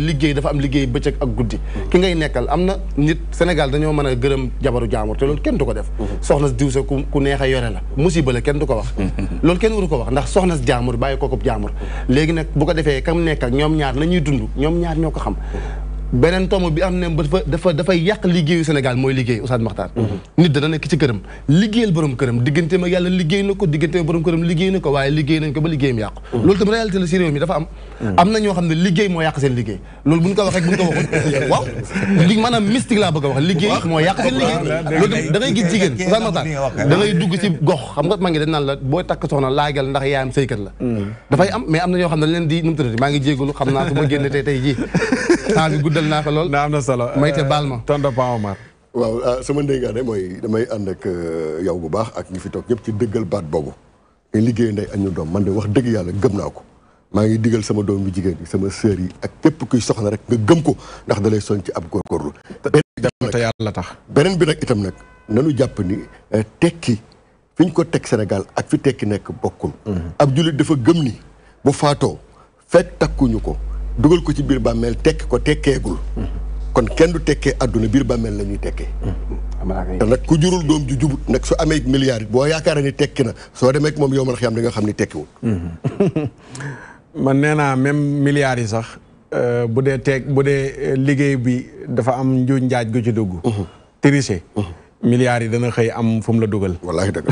liggéey dafa am liggéey bëccëg ak guddi ki ngay nekkal am na nit Sénégal dañoo mën a gërëm jabaru jaamur te loolu kenn du ko def soxna diw sa ku ku neex a yore la musiba la kenn du ko wax loolu kenn waru ko wax ndax soxna jaamur bàyyi kookub jaamur léegi nag bu ko defee kam nekk ak ñoom ñaar la ñuy dund ñoom ñaar ñoo ko xam beneen tomb bi am ne dafa dafay yàq liggéeyu Sénégal mooy liggéey Oustaz Makhtar mhm. nit dana nekk ci këram liggéeyal borom këram diggante ma yàlla liggéey na ko diggante ma borom këram liggéey na ko waaye liggéey nañ ko ba liggéeyam yàqu mhm. loolu tam réalité la si réew dafa am am na ñoo xam ne liggéey moo yàq seen liggéey loolu bu ñu ko waxee bu ñu ko waxul waaw li maanaam mystique laa bëgg a wax liggéey moo yàq seen liggéey loolu da ngay gis jigéen Ousmane Makhtar da ngay dugg ci gox xam nga maa ngi dañ naan la booy takk soxna laagal ndax yaayam saykat la hmm. dafay am mais am na ñoo xam ne leen di nu mu tuddati maa ngi jégalu xam naa su ma génne tey ji temps bi naa ko lool na am na solo mayte baal ma tonton Pa Omar waaw ah, sama ndénkaane mooy damay ànd ak euh, yow bu baax ak ñi fi toog yëpp ci dëggal baat boobu liggéey ndey añu doom man de wax dëgg yàlla gëm naa ko maa ngi digal sama doom bi jigéen bi sama sœur yi ak képp kuy soxna rek nga gëm ko ndax da lay soñ ci ab góorgóorlu. te yàlla tax beneen bi nag itam nag nanu jàpp ni eh, tekki fiñ ko teg senegal ak fi tekki nekk bokkul. Mhm. ab jullit dafa gëm ni bu faatoo fekk takkuñu ko dugal ko ci biir bàmmeel tekki ko tekkeegul. Mhm. kon kenn du tekkee àdduna biir bàmmeel la ñuy tekkee. Mhm. te nag ku jurul doom ju jubut nag su amee milliard boo yaakaaree ni tekki na soo demee ak moom yow ma la xam di nga xam ni tekkiwul. man nee naa même milliards yi sax euh, bu dee teeg bu dee euh, liggéey bi dafa am njuuj njaaj gu ci dugg. Mhm. triché. Mhm. milliards yi dana xëy am fu la dugal. wallaahi dëgg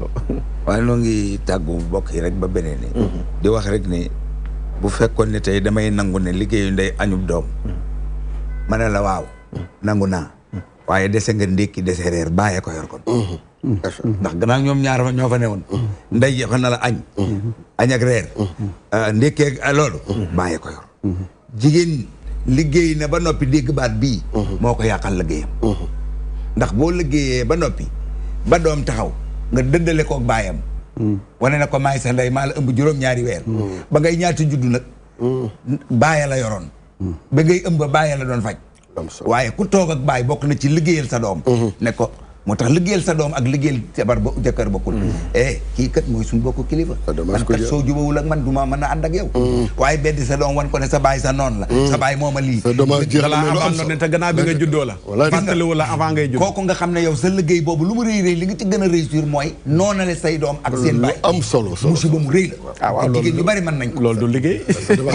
la waaye noo ngi tàggu mbokk yi rek ba beneen mhm. di wax rek ni bu fekkoon ne tey damay nangu ne liggéeyu ndey añub doom. ma ne la waaw. nangu naa. waaye dese nga ndékki dese reer bàyyee ko yor kon. ndax gannaaw ñoom ñaar ñoo fa newoon. nday joxe na la añ. añ ak reer. Ah, ndékkee ah, loolu. bàyyi ko yor. jigéen liggéey na ba noppi dégg baat bii. moo ko yàqal liggéeyam. ndax boo liggéeyee ba noppi ba doom taxaw nga dëddale koog baayam. wane na ko maay sa ndey maa la ëmb juróom-ñaari weer. ba ngay ñaati juddu nag. baaya la yoroon. ba ngay ëmb baaya la doon faj. waaye ku toog a baay bokk na ci liggéeyal sa doom. Mm-hmm. ne ko. moo tax liggéeyal sa doom ak liggéeyal jabar ba jëkkër bokkul mm. eh kii kat mooy suñu bokk kilifa ah, man kat soo jubawul ak man du ma mën a ànd ak yow mm. waaye beddi sa doom wan ko sa baay sa noon la mm. sa baay mooma lii dalaa avant noon ne te nga la fàttaliwu la avant ngay juddoo xam ne yow sa liggéey boobu lu mu rëy rëy li nga ci gën a réussir mooy noonale say doom ak seen baay am solo musiba mu rëy la ah, waaw ah, jigéen ñu bari mën nañ ko loolu du liggéey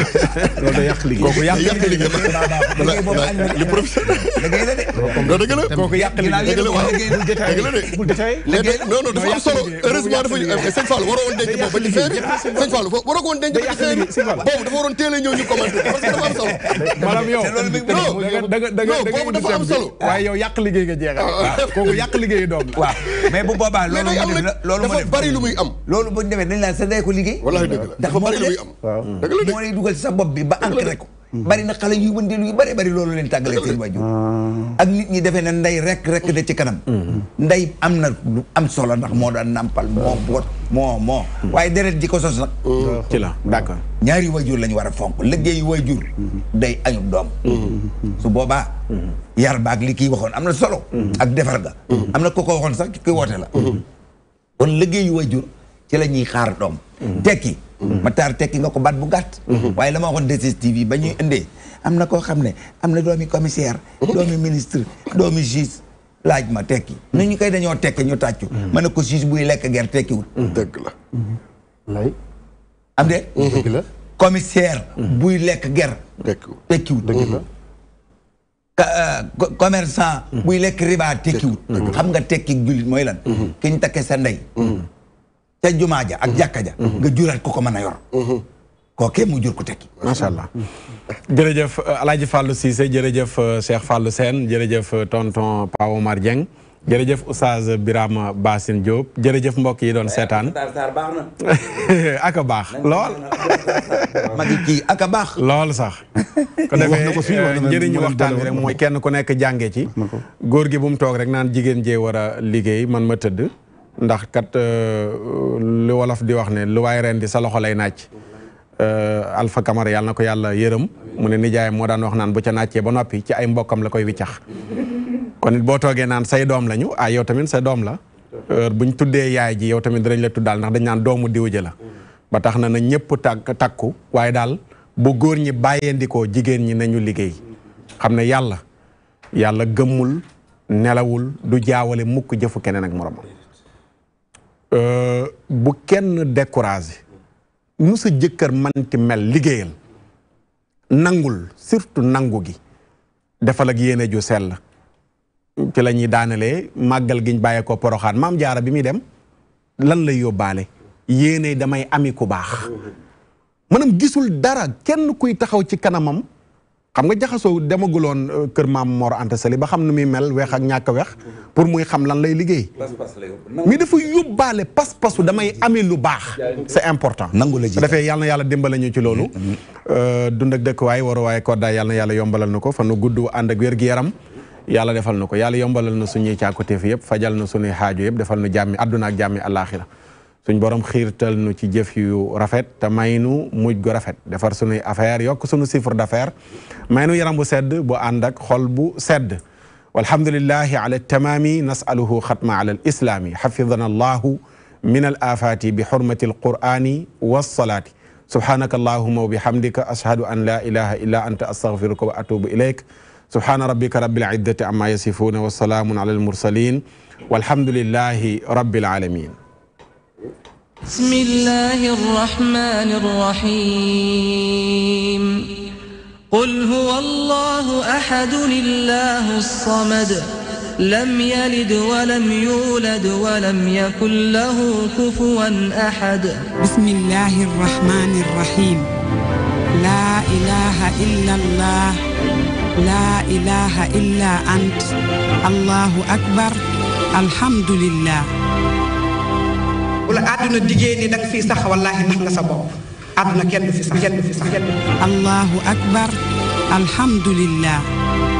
loolu da yàq liggéey kooku yàq liggéey boobu liggéey la de kooku bul détaillé bul détaillé non non dafa am solo heureusement dafa ñu sëñ Fall waroo woon denc boobu ba di fin bi sëñ Fall waroo ko woon denc ba di fin bi boobu dafa waroon teel a ñëw ñu commenté parce que dafa am solo maanaam yow da nga da nga boobu dafa am solo waaye yow yàq liggéey nga jeexal ah. kooku yàq liggéey doom la waaw mais bu boobaa loolu loolu dafa bari lu muy am loolu bu ñu demee dañ laa sa day ko liggéey wallaahi dëgg la dafa bari lu muy am dëgg la moo lay dugal ci sa bopp bi ba encré ko bari na xale yu wëndeelu yu bari bari loolu leen tàggalee seen waajur ah. ak nit ñi defee ne ndey rek rek de ci kanam mm-hmm. ndey am na lu am solo ndax moo daan nampal mm-hmm. moo moo moo mm-hmm. waaye deret ji ko sos nag ci la d'accord ñaari waajur lañu war a fonk liggéeyu waajur day añu doom su boobaa yar baag li kii waxoon am na solo ak defar ga am na ko ko waxoon sax ki woote la kon liggéeyu waajur ci la ñuy xaar doom tekki Matar tekki nga ko bat bu gàtt mhm. waaye la ma ko 2STV ba ñu nde am na koo xam ne am na doomi commissaire mhm. doomi ministre doomi juge laaj ma tekki nu ñu koy dañoo tekki ñu tàccu mhm. ma ne ko juge buy lekk ger tekkiwul dëgg la lay am de la commissaire buy lekk ger tekkiwul dëgg la euh, commerçant buy lekk riba tekkiwul xam nga tekki jullit mooy lan ki ñu takke sa ndey ca jumaa ja ak mhm. jàkka ja mhm. nga juraat ko ko mën a yor mhm. kooke mu jur ko tekki macha allah jërëjëf euh, alaaji Fallou Cissé jërëjëf euh, Cheikh Fallou seen jërëjëf euh, tonton Pa Omar Dieng jërëjëf Oustaz Birama Bassine Diop jërëjëf mbokk yi doon seetaan eh, aka baax lool magi kii baax lool sax ko defee njëriñu waxtaan bi rek mooy kenn ku nekk jànge ci góor gi bu mu toog rek naan jigéen jee war a liggéey man ma tëdd ndax kat euh, lu wolof di wax ne lu waay ren di sa loxo lay naaj. Euh, Alpha Camara yàlla na ko yàlla yërëm mu ne nijaayam moo daan wax naan bu ca naajcee ba noppi ci ay mbokkam la koy wiccax kon it boo toogee naan say doom lañu ah yow tamit say doom la euh, buñ tuddee yaay ji yow tamit dinañ la tuddaal ndax dañ naan doomu diw ji la ba tax na na ñëpp tàkk takku waaye daal bu góor ñi bàyyandikoo jigéen ñi nañu liggéey xam ne yàlla yàlla gëmmul nelawul du jaawale mukk jëfu keneen ak moromam Euh, bu kenn découragé nu sa jëkkër manti mel liggéeyal nangul surtout nangu gi defal ak yéene ju sell ci la ñuy daanalee màggal giñ bàyyee ko poroxaan maam jaara bi muy dem lan lay yóbbaale yéene damay ami ku baax maanaam gisul dara kenn kuy taxaw ci kanamam xam nga jaxasoo demaguloon euh, kër maam moo Anta Sali ba xam nu muy mel weex ak ñàkk weex pour muy xam lan lay liggéey mais dafa yóbbaale pas-pasu damay amee lu baax c'est important nangu la ji dafee yàlla yàlla dimbale ñu ci loolu mm-hmm. Mm-hmm. Euh, dund dëkk dëkkuwaay waru waaye ko daal yàlla na yàlla yombalal nu ko fa nu gudd ànd ak wér-gi-yaram mm-hmm. yàlla defal na ko yàlla yombalal na suñuy càkkutéef yëpp fajal na suñuy xaajo yëpp defal nu jàmmi àdduna ak jàmmi àllaaxira suñ borom xiirtal nu ci jëf yu rafet te may nu mujj gu rafet defar sunuy affaire yokk sunu chiffre d'affaires may nu yaram bu sedd bu ànd ak xol bu sedd walhamdulillahi ala tamaami nasaluhu xatma ala al islaami xafidana allahu min al afaati bi xurmati al qur'ani wassalaati subhanaka allahuma wa bihamdika ashhadu an la ilaha illa anta astaghfiruka wa atubu ilayk سبحان ربك رب العدة عما يصفون وسلام على المرسلين والحمد لله رب العالمين بسم الله الرحمن الرحيم قل هو الله أحد الله الصمد لم يلد ولم يولد ولم يكن له كفوا أحد بسم الله الرحمن الرحيم لا إله إلا الله لا إله إلا أنت الله أكبر الحمد لله ولا ادنا ديجيني داك في صح والله ما نسا بوب ادنا كين في صح كين في صح الله اكبر الحمد لله